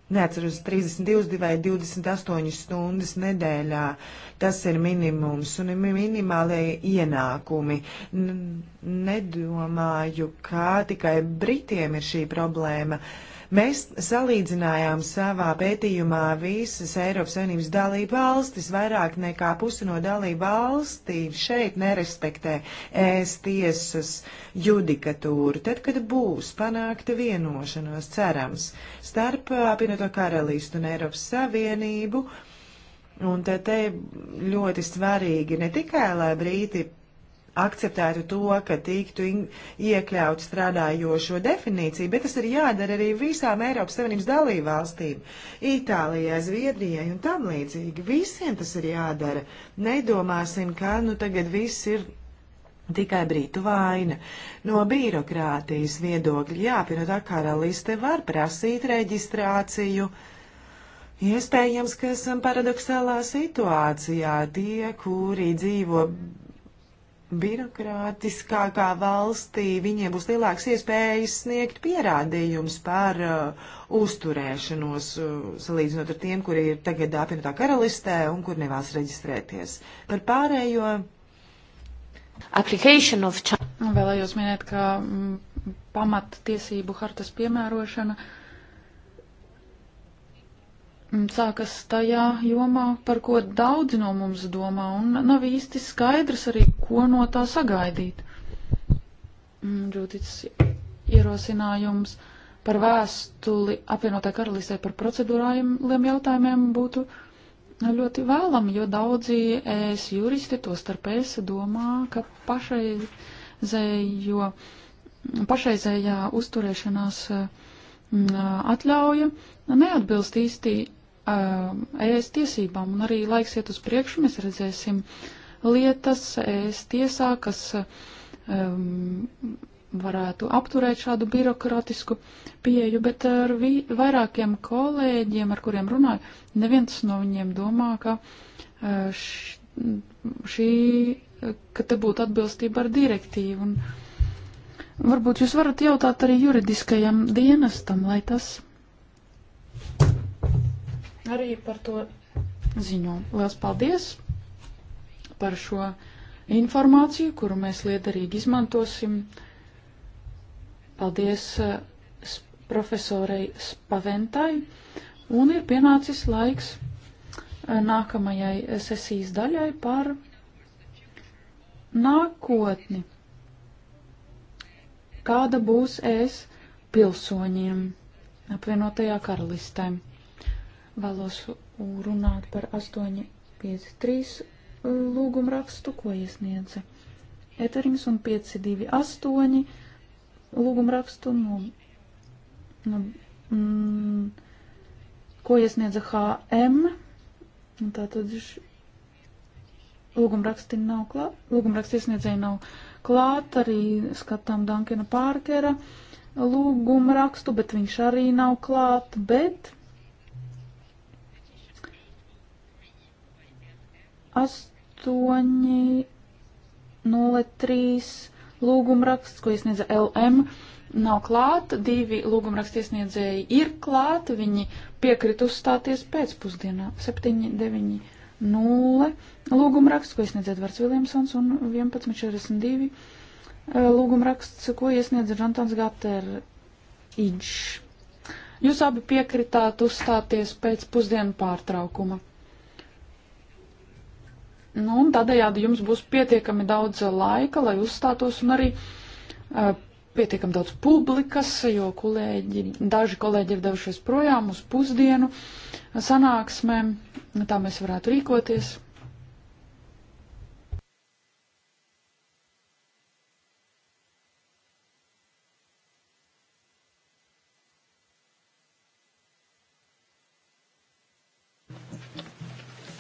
neatceros 32 vai 28 stundas nedēļā. Tas ir minimums un minimālie ienākumi. N nedomāju, kā tikai Britiem ir šī problēma. Uh, Mēs salīdzinājām savā pētījumā visas Eiropas Savienības dalību valstis. Vairāk nekā pusi no dalību valstīm šeit nerespektē ēs tiesas judikatūru. Tad, kad būs panākta vienošanos, cerams, starp apvienoto karalistu un Eiropas Savienību, Un tad te ļoti svarīgi ne tikai, lai brīti akceptētu to, ka tiktu iekļaut strādājošo definīciju, bet tas ir jādara arī visām Eiropas Savienības dalībvalstīm - Itālijai, Zviedrijai un tam līdzīgi. Visiem tas ir jādara. Nedomāsim, ka nu tagad viss ir. Tikai brītu vaina. No birokrātijas viedokļa jāpienot akārā liste var prasīt reģistrāciju. Iespējams, ka esam paradoxālā situācijā tie, kuri dzīvo birokrātiskākā valstī viņiem būs lielāks iespējas sniegt pierādījums par uh, uzturēšanos, uh, salīdzinot ar tiem, kuri ir tagad apvienotā karalistē un kur nevēlas reģistrēties. Par pārējo. Of... Nu, vēlējos minēt, ka mm, pamata tiesību hartas piemērošana uh, Mm, sākas tajā jomā, par ko daudzi no mums domā, un nav īsti skaidrs arī, ko no tā sagaidīt. Rūtīts mm, ierosinājums par vēstuli apvienotā karalistē par procedurāliem jautājumiem būtu ļoti vēlam, jo daudzi es juristi, to starp es, domā, ka pašreizējo, pašreizējā uzturēšanās mm, atļauja neatbilst īsti Um, ēst tiesībām, un arī laiks iet uz priekšu, mēs redzēsim lietas ēst tiesā, kas um, varētu apturēt šādu birokratisku pieeju, bet ar vi, vairākiem kolēģiem, ar kuriem runāju, neviens no viņiem domā, ka uh, š, šī, ka te būtu atbilstība ar direktīvu. Un varbūt jūs varat jautāt arī juridiskajam dienestam, lai tas arī par to ziņo. Lielas paldies par šo informāciju, kuru mēs liederīgi izmantosim. Paldies eh, profesorei Spaventai. Un ir pienācis laiks eh, nākamajai sesijas daļai par nākotni. Kāda būs es pilsoņiem apvienotajā karalistē? Vēlos runāt par 853 e, lūgumu rakstu, ko iesniedza Eterims un 528 lūgumu rakstu, no, no, mm, ko iesniedza HM. Tātad lūgumraksti nav klāt, lūgumraksti iesniedzēji nav klāt, arī skatām Dankina Pārkera lūgumrakstu, bet viņš arī nav klāt, bet 803 lūgumraksts, ko iesniedza LM, nav klāt. Divi lūgumraksts iesniedzēji ir klāt. Viņi piekrita uzstāties pēcpusdienā 790. Lūgumraksts, ko iesniedz Edvards Viljamsons un 1142. E, lūgumraksts, ko iesniedz Žantons Gater Iģš. Jūs abi piekritāt uzstāties pēc pusdienu pārtraukuma. Nu, un tādējādi jums būs pietiekami daudz laika, lai uzstātos un arī uh, pietiekami daudz publikas, jo kolēģi, daži kolēģi ir devušies projām uz pusdienu sanāksmēm. Tā mēs varētu rīkoties.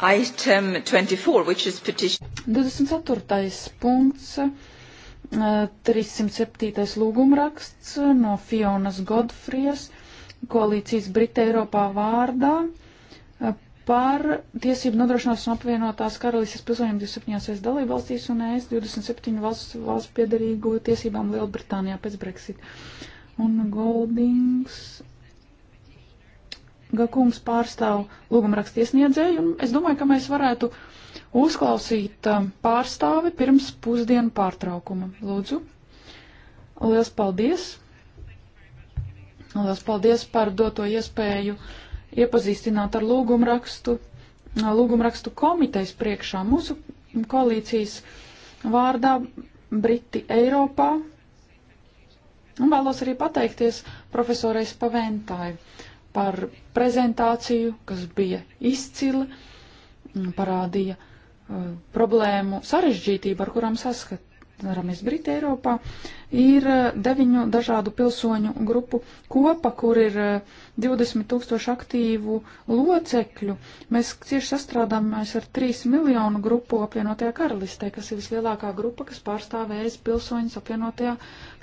Item 24, which is petition. 24. punkts, 307. Eh, lūgumraksts eh, no Fionas Godfries, koalīcijas Brita Eiropā vārdā eh, par tiesību nodrošināšanu apvienotās karalīsas pilsoņiem 27. dalību valstīs un ES 27 valsts, valsts piedarīgo tiesībām Lielbritānijā pēc Brexit. Un Goldings Gakungs pārstāv lūgumrakstu iesniedzēju, un es domāju, ka mēs varētu uzklausīt um, pārstāvi pirms pusdienu pārtraukuma. Lūdzu, liels paldies! Liels paldies par doto iespēju iepazīstināt ar lūgumrakstu, uh, lūgumrakstu komitejas priekšā mūsu koalīcijas vārdā Briti Eiropā. Un vēlos arī pateikties profesorai Spaventāju par prezentāciju, kas bija izcila, mm, parādīja uh, problēmu sarežģītību, ar kurām saskaramies Brita Eiropā. Uh, ir eh, deviņu dažādu pilsoņu grupu kopa, kur ir 20 eh, tūkstoši aktīvu locekļu. Mēs cieši sastrādāmies ar 3 miljonu grupu apvienotajā karalistē, kas ir vislielākā grupa, kas pārstāv ES pilsoņus apvienotajā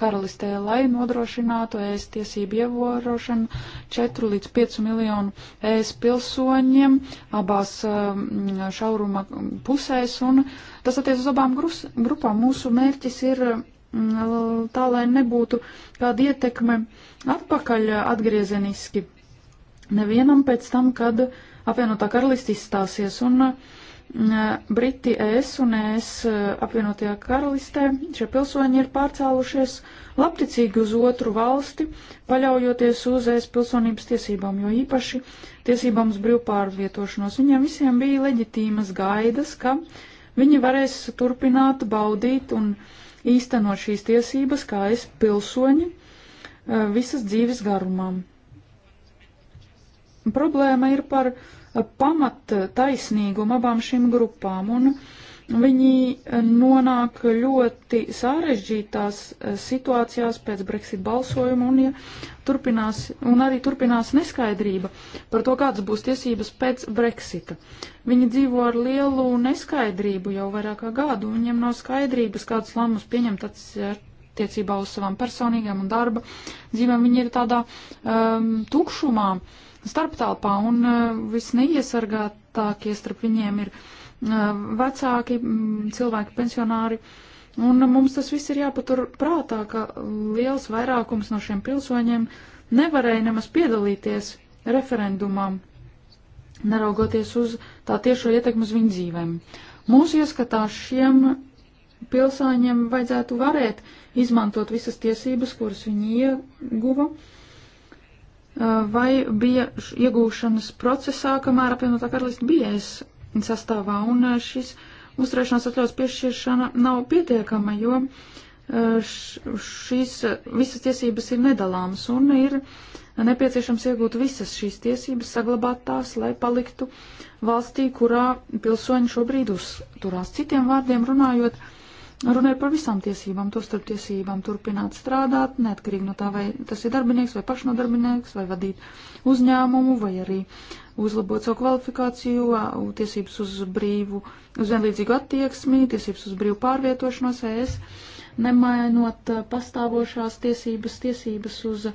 karalistē, lai nodrošinātu ES tiesību ievērošanu 4 līdz 5 miljonu ES pilsoņiem abās eh, šauruma pusēs. Un tas attiec uz abām grupām. Mūsu mērķis ir tā lai nebūtu kāda ietekme atpakaļ atgriezeniski nevienam pēc tam, kad apvienotā karalista izstāsies. Un mm, Briti ES un ES eh, apvienotajā karalistē šie pilsoņi ir pārcēlušies labticīgi uz otru valsti, paļaujoties uz ES pilsonības tiesībām, jo īpaši tiesībām uz brīvpārvietošanos. Viņiem visiem bija leģitīmas gaidas, ka viņi varēs turpināt baudīt un uh, īstenot šīs tiesības, kā es pilsoņi, eh, visas dzīves garumā. Problēma ir par eh, pamat taisnīgumu abām šīm grupām, un Viņi eh, nonāk ļoti sarežģītās eh, situācijās pēc Brexit balsojuma un, ja turpinās, un arī turpinās neskaidrība par to, kādas būs tiesības pēc Brexita. Viņi dzīvo ar lielu neskaidrību jau vairāk kā gadu, viņiem nav skaidrības, kādas lēmumus pieņemt attiecībā uz savām personīgām un darba dzīvēm. Viņi ir tādā um, tukšumā, starptālpā un uh, visneiesargātākie starp viņiem ir. Uh, vecāki, cilvēki, pensionāri. Un mums tas viss ir jāpatur prātā, ka liels vairākums no šiem pilsoņiem nevarēja nemaz piedalīties referendumā, neraugoties uz tā tiešo ietekmu uz viņu dzīvēm. Mūsu ieskatā šiem pilsāņiem vajadzētu varēt izmantot visas tiesības, kuras viņi ieguva, vai bija iegūšanas procesā, kamēr apvienotā karalista bija. Es sastāvā, un eh, šis uzturēšanās atļaus piešķiršana nav pietiekama, jo eh, šīs eh, visas tiesības ir nedalāmas un ir nepieciešams iegūt visas šīs tiesības, saglabāt tās, lai paliktu valstī, kurā pilsoņi šobrīd uzturās. Citiem vārdiem runājot, runāja par visām tiesībām, to starp tiesībām turpināt strādāt, neatkarīgi no tā, vai tas ir darbinieks vai pašnodarbinieks, vai vadīt uzņēmumu, vai arī uzlabot savu kvalifikāciju, tiesības uz brīvu, uz vienlīdzīgu attieksmi, tiesības uz brīvu pārvietošanos ES, nemainot pastāvošās tiesības, tiesības uz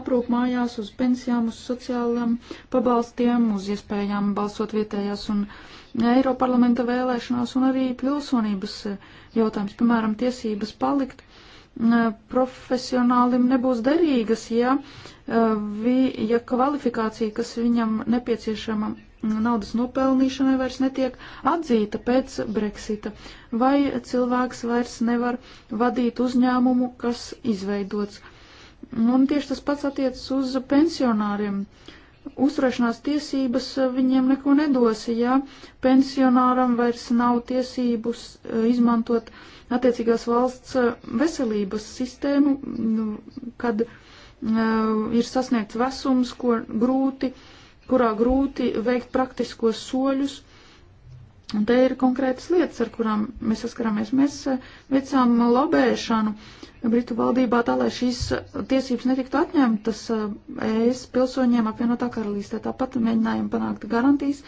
aprūp mājās, uz pensijām, uz sociālajiem pabalstiem, uz iespējām balsot vietējās un Eiroparlamenta vēlēšanās un arī pilsonības jautājums, piemēram, tiesības palikt profesionālim nebūs derīgas, ja, e, vi, ja kvalifikācija, kas viņam nepieciešama naudas nopelnīšanai, vairs netiek atzīta pēc Brexita, vai cilvēks vairs nevar vadīt uzņēmumu, kas izveidots. Un tieši tas pats attiecas uz pensionāriem. Uh, uzturēšanās tiesības eh, viņiem neko nedos, ja pensionāram vairs nav tiesības eh, izmantot attiecīgās valsts eh, veselības sistēmu, nu, kad uh, ir sasniegts vesums, ko grūti, kurā grūti veikt praktiskos soļus Un te ir konkrētas lietas, ar kurām mēs saskaramies. Mēs eh, veicām lobēšanu Britu valdībā tā, lai šīs eh, tiesības netiktu atņemtas eh, ES pilsoņiem apvienotā karalīstē. Tāpat mēģinājām panākt garantijas,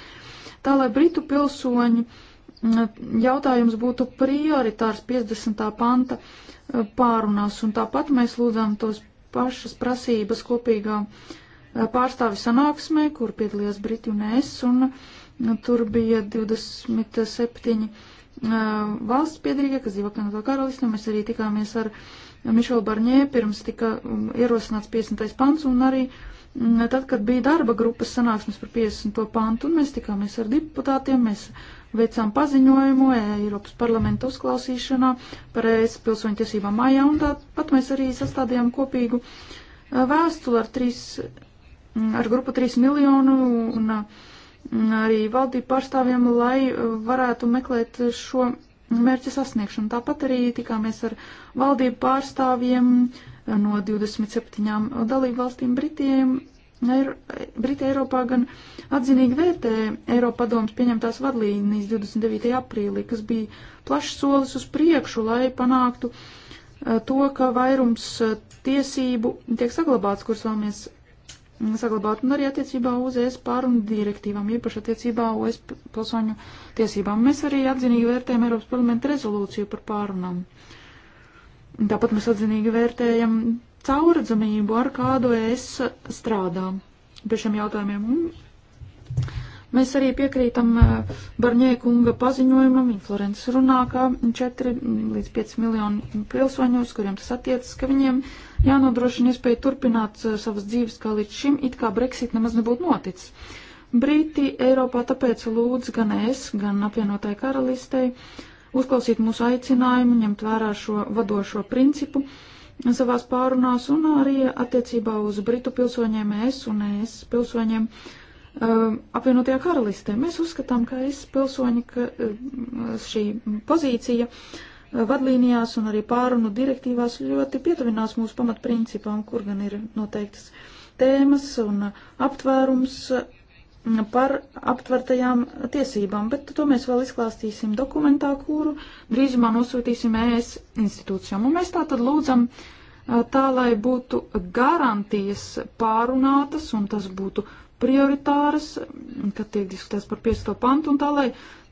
tā lai Britu pilsoņi mm, jautājums būtu prioritārs 50. panta pārunās. Un tāpat mēs lūdzām tos pašas prasības kopīgā pārstāvi sanāksmē, kur piedalījās Briti un ES. Un, uh, Nu, tur bija 27 valsts piedrīgie, kas dzīvo Kanadā karalistē. Mēs arī tikāmies ar Mišelu Barņē, pirms tika um, ierosināts 50. pants, un arī mm, tad, kad bija darba grupas sanāksmes par 50. pantu, un mēs tikāmies ar deputātiem, mēs veicām paziņojumu e, Eiropas parlamenta uzklausīšanā par ES pilsoņu tiesībām mājā, un tāpat mēs arī sastādījām kopīgu vēstuli ar, trīs, mm, ar grupu 3 miljonu un uh, arī valdību pārstāvjiem, lai uh, varētu meklēt šo mērķu sasniegšanu. Tāpat arī tikāmies ar valdību pārstāvjiem uh, no 27 dalību valstīm Britiem. Eiro, Briti Eiropā gan atzinīgi vērtē Eiropa padomas pieņemtās vadlīnijas 29. aprīlī, kas bija plašs solis uz priekšu, lai panāktu uh, to, ka vairums tiesību tiek saglabāts, kuras vēlamies saglabāt, un arī attiecībā uz ES pārunu direktīvām, īpaši attiecībā uz e pilsoņu tiesībām. Mēs arī atzinīgi vērtējam Eiropas parlamenta rezolūciju par pārunām. Tāpat mēs atzinīgi vērtējam caurredzamību, ar kādu ES strādā pie šiem jautājumiem. Un mēs arī piekrītam eh, Barņē kunga paziņojumam, viņa Florences runā, ka 4 līdz 5 miljoni pilsoņus, kuriem tas attiecas, ka viņiem uh, jānodrošina iespēja turpināt uh, savas dzīves kā līdz šim, it kā Brexit nemaz nebūtu noticis. Brīti Eiropā tāpēc lūdz gan es, gan apvienotāji karalistei uzklausīt mūsu aicinājumu, ņemt vērā šo vadošo principu savās pārunās un arī attiecībā uz Britu pilsoņiem es un es pilsoņiem uh, apvienotajā karalistē. Mēs uzskatām, ka es pilsoņi, ka uh, šī pozīcija vadlīnijās un arī pārunu direktīvās ļoti pietuvinās mūsu pamatprincipām, kur gan ir noteiktas tēmas un aptvērums par aptvertajām tiesībām, bet to mēs vēl izklāstīsim dokumentā, kuru drīzumā nosūtīsim ES institūcijām. Un mēs tā tad lūdzam tā, lai būtu garantijas pārunātas un tas būtu prioritāras, kad tiek diskutēts par 5. pantu, un tā, lai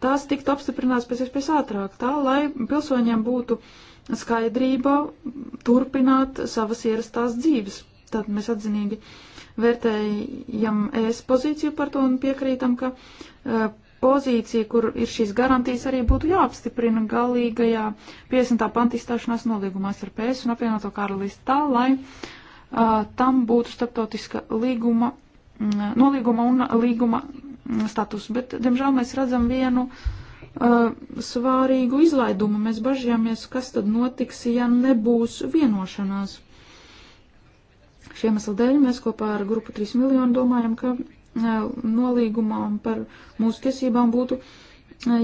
tās tiktu apstiprināts pēc iespējas ātrāk, tā lai pilsoņiem būtu skaidrība turpināt savas ierastās dzīves. Tad mēs atzinīgi vērtējam ES pozīciju par to un piekrītam, ka uh, pozīcija, kur ir šīs garantijas, arī būtu jāapstiprina galīgajā 50. panta izstāšanās nolīgumā starp ES un apvienoto karalisti tā, lai uh, tam būtu starptautiska līguma, mm, nolīguma un līguma status, bet, diemžēl, mēs redzam vienu uh, svārīgu izlaidumu. Mēs bažījāmies, kas tad notiks, ja nebūs vienošanās. Šiem esla dēļ mēs kopā ar grupu 3 miljonu domājam, ka uh, nolīgumam par mūsu tiesībām būtu uh,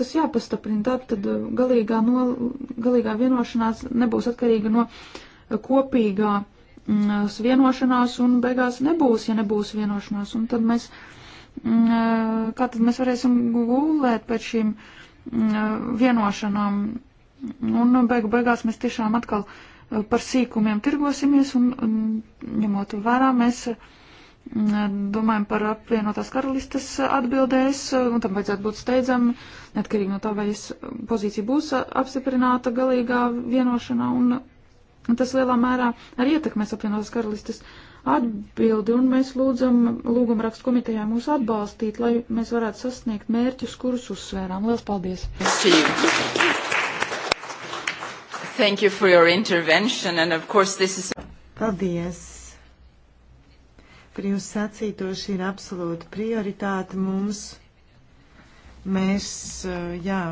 tas jāpastaprina. Tā tad uh, galīgā, no, galīgā vienošanās nebūs atkarīga no uh, kopīgā mm, uh, vienošanās un beigās nebūs, ja nebūs vienošanās. Un tad mēs uh, Mm, kā tad mēs varēsim gulēt pēc šīm mm, vienošanām. Un nu, beigu beigās mēs tiešām atkal par sīkumiem tirgosimies un, un ņemot vērā mēs mm, domājam par apvienotās karalistes atbildēs, un tam vajadzētu būt steidzami, neatkarīgi no tā, vai es pozīcija būs apstiprināta galīgā vienošanā, un tas lielā mērā arī ietekmēs apvienotās karalistes uh, atbildi, un mēs lūdzam lūguma rakstu komitejā mūs atbalstīt, lai mēs varētu sasniegt mērķus, kurus uzsvērām. Lielas paldies! Thank you for your intervention, and of course this is... Paldies! Par jūsu sacīto šī ir absolūta prioritāte mums. Mēs, eh, jā,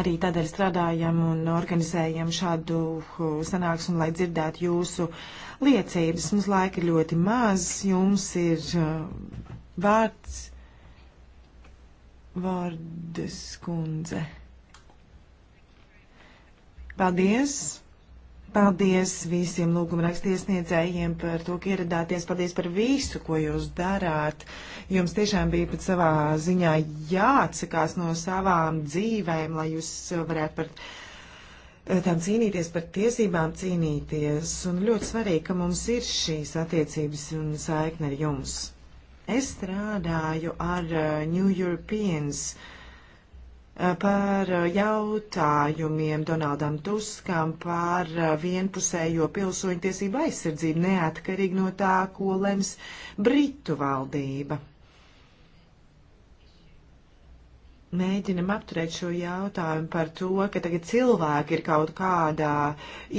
Arī tādēļ strādājam un organizējam šādu uh, sanāksmu, lai dzirdētu jūsu liecības. Mums laika ir ļoti maz, jums ir uh, vārds vārdas kundze. Paldies! Paldies visiem lūguma rakstiesniedzējiem par to, ka ieradāties. Paldies par visu, ko jūs darāt. Jums tiešām bija pat savā ziņā jāatsakās no savām dzīvēm, lai jūs varētu par eh, tām cīnīties, par tiesībām cīnīties. Un ļoti svarīgi, ka mums ir šīs attiecības un saikne ar jums. Es strādāju ar eh, New Europeans. Uh, Eh, par eh, jautājumiem Donaldam Tuskam par eh, vienpusējo pilsoņu tiesību aizsardzību neatkarīgi no tā, ko lems Britu valdība. mēģinam apturēt šo jautājumu par to, ka tagad cilvēki ir kaut kādā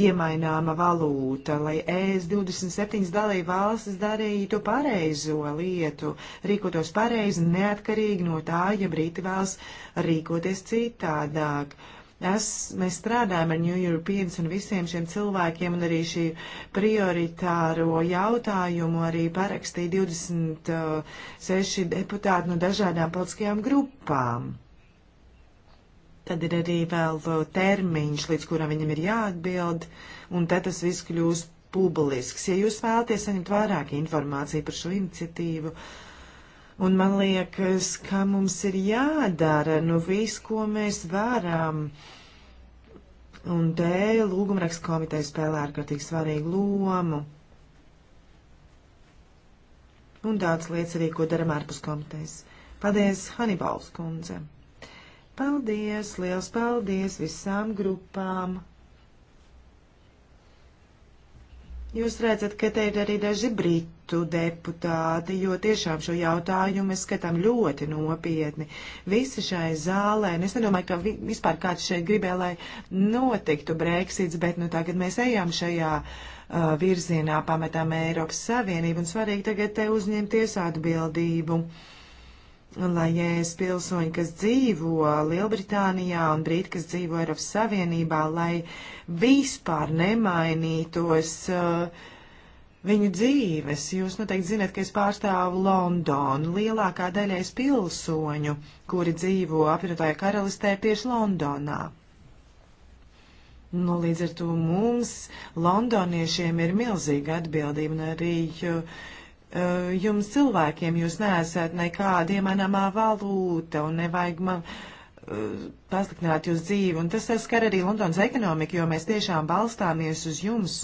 iemaināma valūta, lai ES 27 dalība valstis darītu pareizo lietu, rīkotos pareizi neatkarīgi no tā, ja brīti vēlas rīkoties citādāk. Es, mēs strādājam ar New Europeans un visiem šiem cilvēkiem, un arī šī prioritāro jautājumu arī parakstīja 26 deputāti no dažādām politiskajām grupām. Tad ir arī vēl termiņš, līdz kuram viņam ir jāatbild, un tad tas viss kļūst publisks. Ja jūs vēlaties saņemt vairāk informāciju par šo iniciatīvu, un man liekas, ka mums ir jādara nu viss, ko mēs varam. Un te lūgumraksta komiteja spēlē ārkārtīgi svarīgu lomu. Un daudz lietas arī, ko daram ārpus komitejas. Paldies, Hanibals kundze! Paldies, liels paldies visām grupām! Jūs redzat, ka te ir arī daži britu deputāti, jo tiešām šo jautājumu mēs skatām ļoti nopietni. Visi šai zālē, un es nedomāju, ka vi, vispār kāds šeit gribēja, lai notiktu Brexits, bet nu tagad mēs ejam šajā uh, virzienā, pametām Eiropas Savienību, un svarīgi tagad te uzņemties atbildību. Uh, lai es pilsoņi, kas dzīvo Lielbritānijā un Brīti, kas dzīvo Eiropas Savienībā, lai vispār nemainītos uh, viņu dzīves. Jūs noteikti zināt, ka es pārstāvu Londonu. Lielākā daļa es pilsoņu, kuri dzīvo apvienotāju karalistē tieši Londonā. Nu, līdz ar to mums, londoniešiem, ir milzīga atbildība un arī uh, Eh, jums cilvēkiem, jūs neesat nekāda iemanāmā valūta un nevajag man uh, pasliktināt jūs dzīvi. Un tas skar arī Londonas ekonomiku, jo mēs tiešām balstāmies uz jums.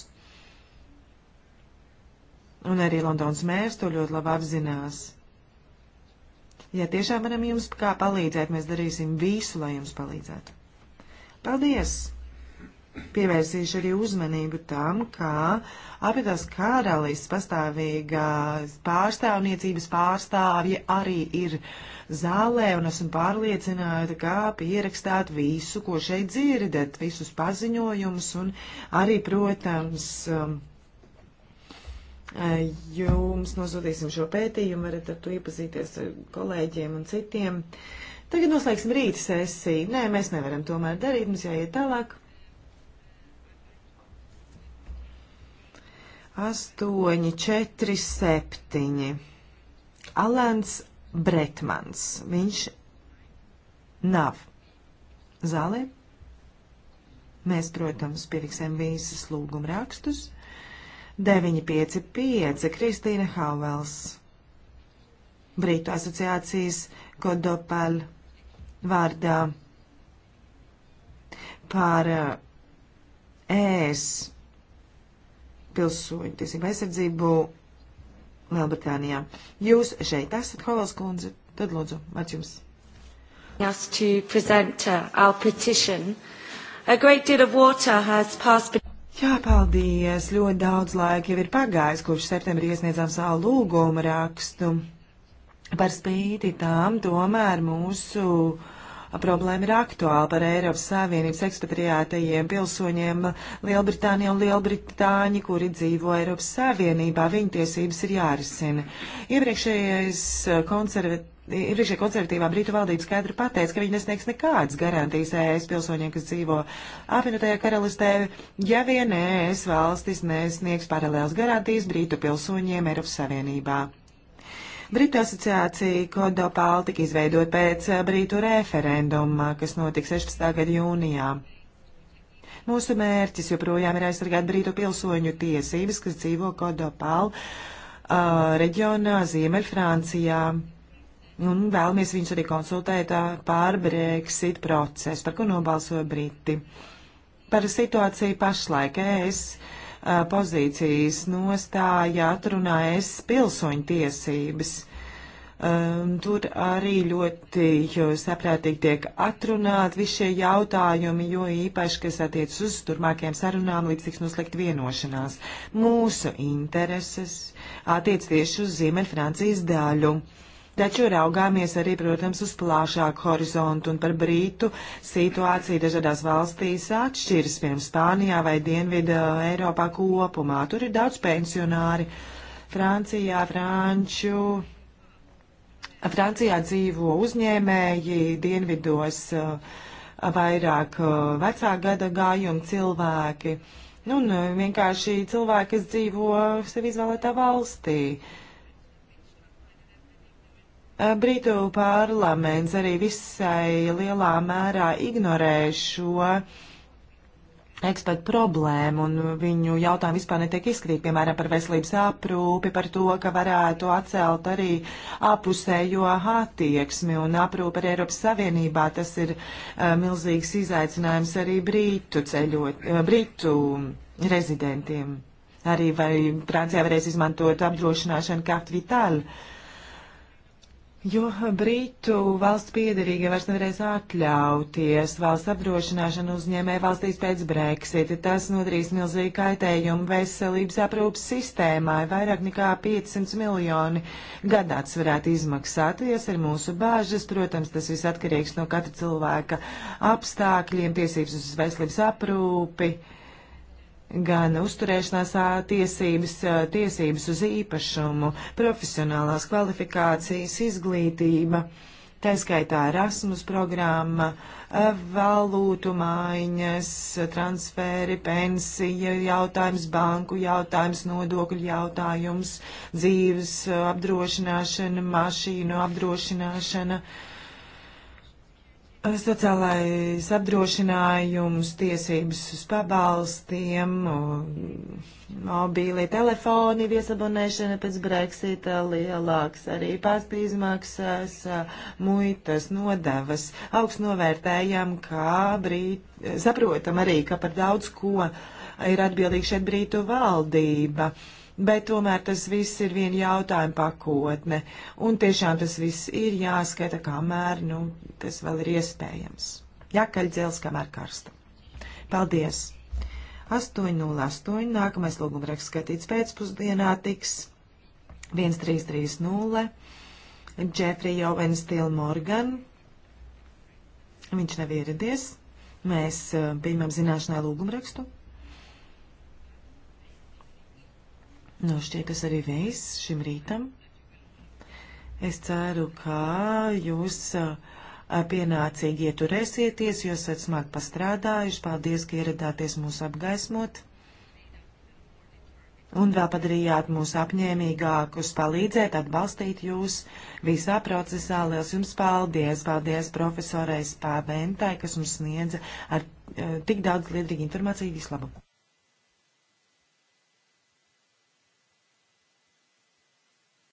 Un arī Londonas mērs to ļoti labi apzinās. Ja tiešām varam jums kā palīdzēt, mēs darīsim visu, lai jums palīdzētu. Paldies! pievērsīšu arī uzmanību tam, ka apvienotās karalīs pastāvīgās pārstāvniecības pārstāvji arī ir zālē, un esmu pārliecināta, ka pierakstāt visu, ko šeit dzirdat, visus paziņojumus, un arī, protams, um, jums nosūtīsim šo pētījumu, varat ar to iepazīties ar kolēģiem un citiem. Tagad noslēgsim rīta sesiju. Nē, mēs nevaram tomēr darīt, mums jāiet tālāk. 8, 4, 7. Alans Bretmans. Viņš nav zālē. Mēs, protams, pieviksējam visas lūguma rakstus. 9, 5, 5. Kristīna Hauvels. Brītu asociācijas Godopal vārdā par ēs. Eh, uh, pilsoņu tiesību aizsardzību Lielbritānijā. Jūs šeit esat, Hovels kundze, tad lūdzu, vārds jums. Asked to present uh, our petition. A great deal of water has passed. Jā, paldies. Ļoti daudz laika jau ir pagājis, kopš septembrī iesniedzām savu lūgumu rakstu. Par spīti tām tomēr mūsu uh, problēma ir aktuāla par Eiropas Savienības ekspatriētajiem pilsoņiem Lielbritānija un Lielbritāņi, kuri dzīvo Eiropas Savienībā. Viņu tiesības ir jārisina. Iepriekšējais eh, konservatīvs. Iepriekšējā konservatīvā Brītu valdība skaidri pateica, ka viņi nesniegs nekādas garantijas ES pilsoņiem, kas dzīvo apvienotajā karalistē, ja vien ES valstis nesniegs paralēlas garantijas Brītu pilsoņiem Eiropas Savienībā. Britu asociācija Kodo Pāli tika izveidot pēc eh, Britu referenduma, kas notika 16. gada jūnijā. Mūsu mērķis joprojām ir aizsargāt Britu pilsoņu tiesības, kas dzīvo Kodo Pāli uh, reģionā Ziemeļfrancijā. Un vēlamies viņus arī konsultēt eh, par Brexit procesu, par ko nobalsoja Briti. Par situāciju pašlaik es. Uh, pozīcijas nostāja atrunājas pilsoņu tiesības. Um, tur arī ļoti saprātīgi tiek atrunāt visi šie jautājumi, jo īpaši, kas attiec uz turmākajām sarunām, līdz tiks noslēgt vienošanās. Mūsu intereses attiec tieši uz Ziemeļfrancijas daļu. Uh, taču raugāmies arī, protams, uz plašāku horizontu un par brītu situāciju dažādās valstīs atšķiras, piemēram, Spānijā vai Dienvidā eh, Eiropā kopumā. Tur ir daudz pensionāri. Francijā, Franču. Francijā dzīvo uzņēmēji, dienvidos eh, vairāk eh, vecā gada gājuma cilvēki. Nu, un vienkārši cilvēki, kas dzīvo sev izvēlētā valstī. Uh, Britu parlaments arī visai lielā mērā ignorē šo ekspertu problēmu un viņu jautājumu vispār netiek izskrīt, piemēram, par veselības aprūpi, par to, ka varētu atcelt arī apusējo attieksmi un aprūpi arī Eiropas Savienībā. Tas ir uh, milzīgs izaicinājums arī Britu ceļot, uh, Britu rezidentiem. Arī vai Francijā varēs izmantot apdrošināšanu Kaft Vital. Uh, Jo Britu valsts piedarīgie vairs nevarēs atļauties valsts apdrošināšanu uzņēmēju valstīs pēc Brexit. Tas nodarīs milzīgu kaitējumu veselības aprūpas sistēmai. Vairāk nekā 500 miljoni gadā tas varētu izmaksāt. Ties ir mūsu bāžas. Protams, tas viss atkarīgs no katra cilvēka apstākļiem, tiesības uz veselības aprūpi. Uh, gan uzturēšanās tiesības, tiesības uz īpašumu, profesionālās kvalifikācijas, izglītība, tā skaitā Erasmus programma, valūtu maiņas, transferi, pensija jautājums, banku jautājums, nodokļu jautājums, dzīves apdrošināšana, mašīnu apdrošināšana. Uh, Sociālais apdrošinājums, tiesības uz pabalstiem, mm, mobīlie telefoni, viesabonēšana pēc Brexita lielāks, arī pasta izmaksas, muitas, nodevas. Augsts novērtējam, kā brīt, saprotam arī, ka par daudz ko ir atbildīga šeit brītu valdība. Uh, bet tomēr tas viss ir viena jautājuma pakotne. Un tiešām tas viss ir jāskata, kamēr nu, tas vēl ir iespējams. Jākaļ dzels, kamēr karsta. Paldies! 808. Nākamais lūguma raksts skatīts pēcpusdienā tiks 1330. Džefri Jovens Til Morgan. Viņš nav ieradies. Mēs eh, pieņemam zināšanai lūgumrakstu. rakstu. Nu, šķiet, tas arī viss šim rītam. Es ceru, ka jūs pienācīgi ieturēsieties, jo esat smagi pastrādājuši. Paldies, ka ieradāties mūs apgaismot. Un vēl padarījāt mūs apņēmīgākus, palīdzēt, atbalstīt jūs visā procesā. Liels jums paldies! Paldies profesorai Spāventai, kas mums sniedza ar tik daudz liederīgu informāciju. Vislabu!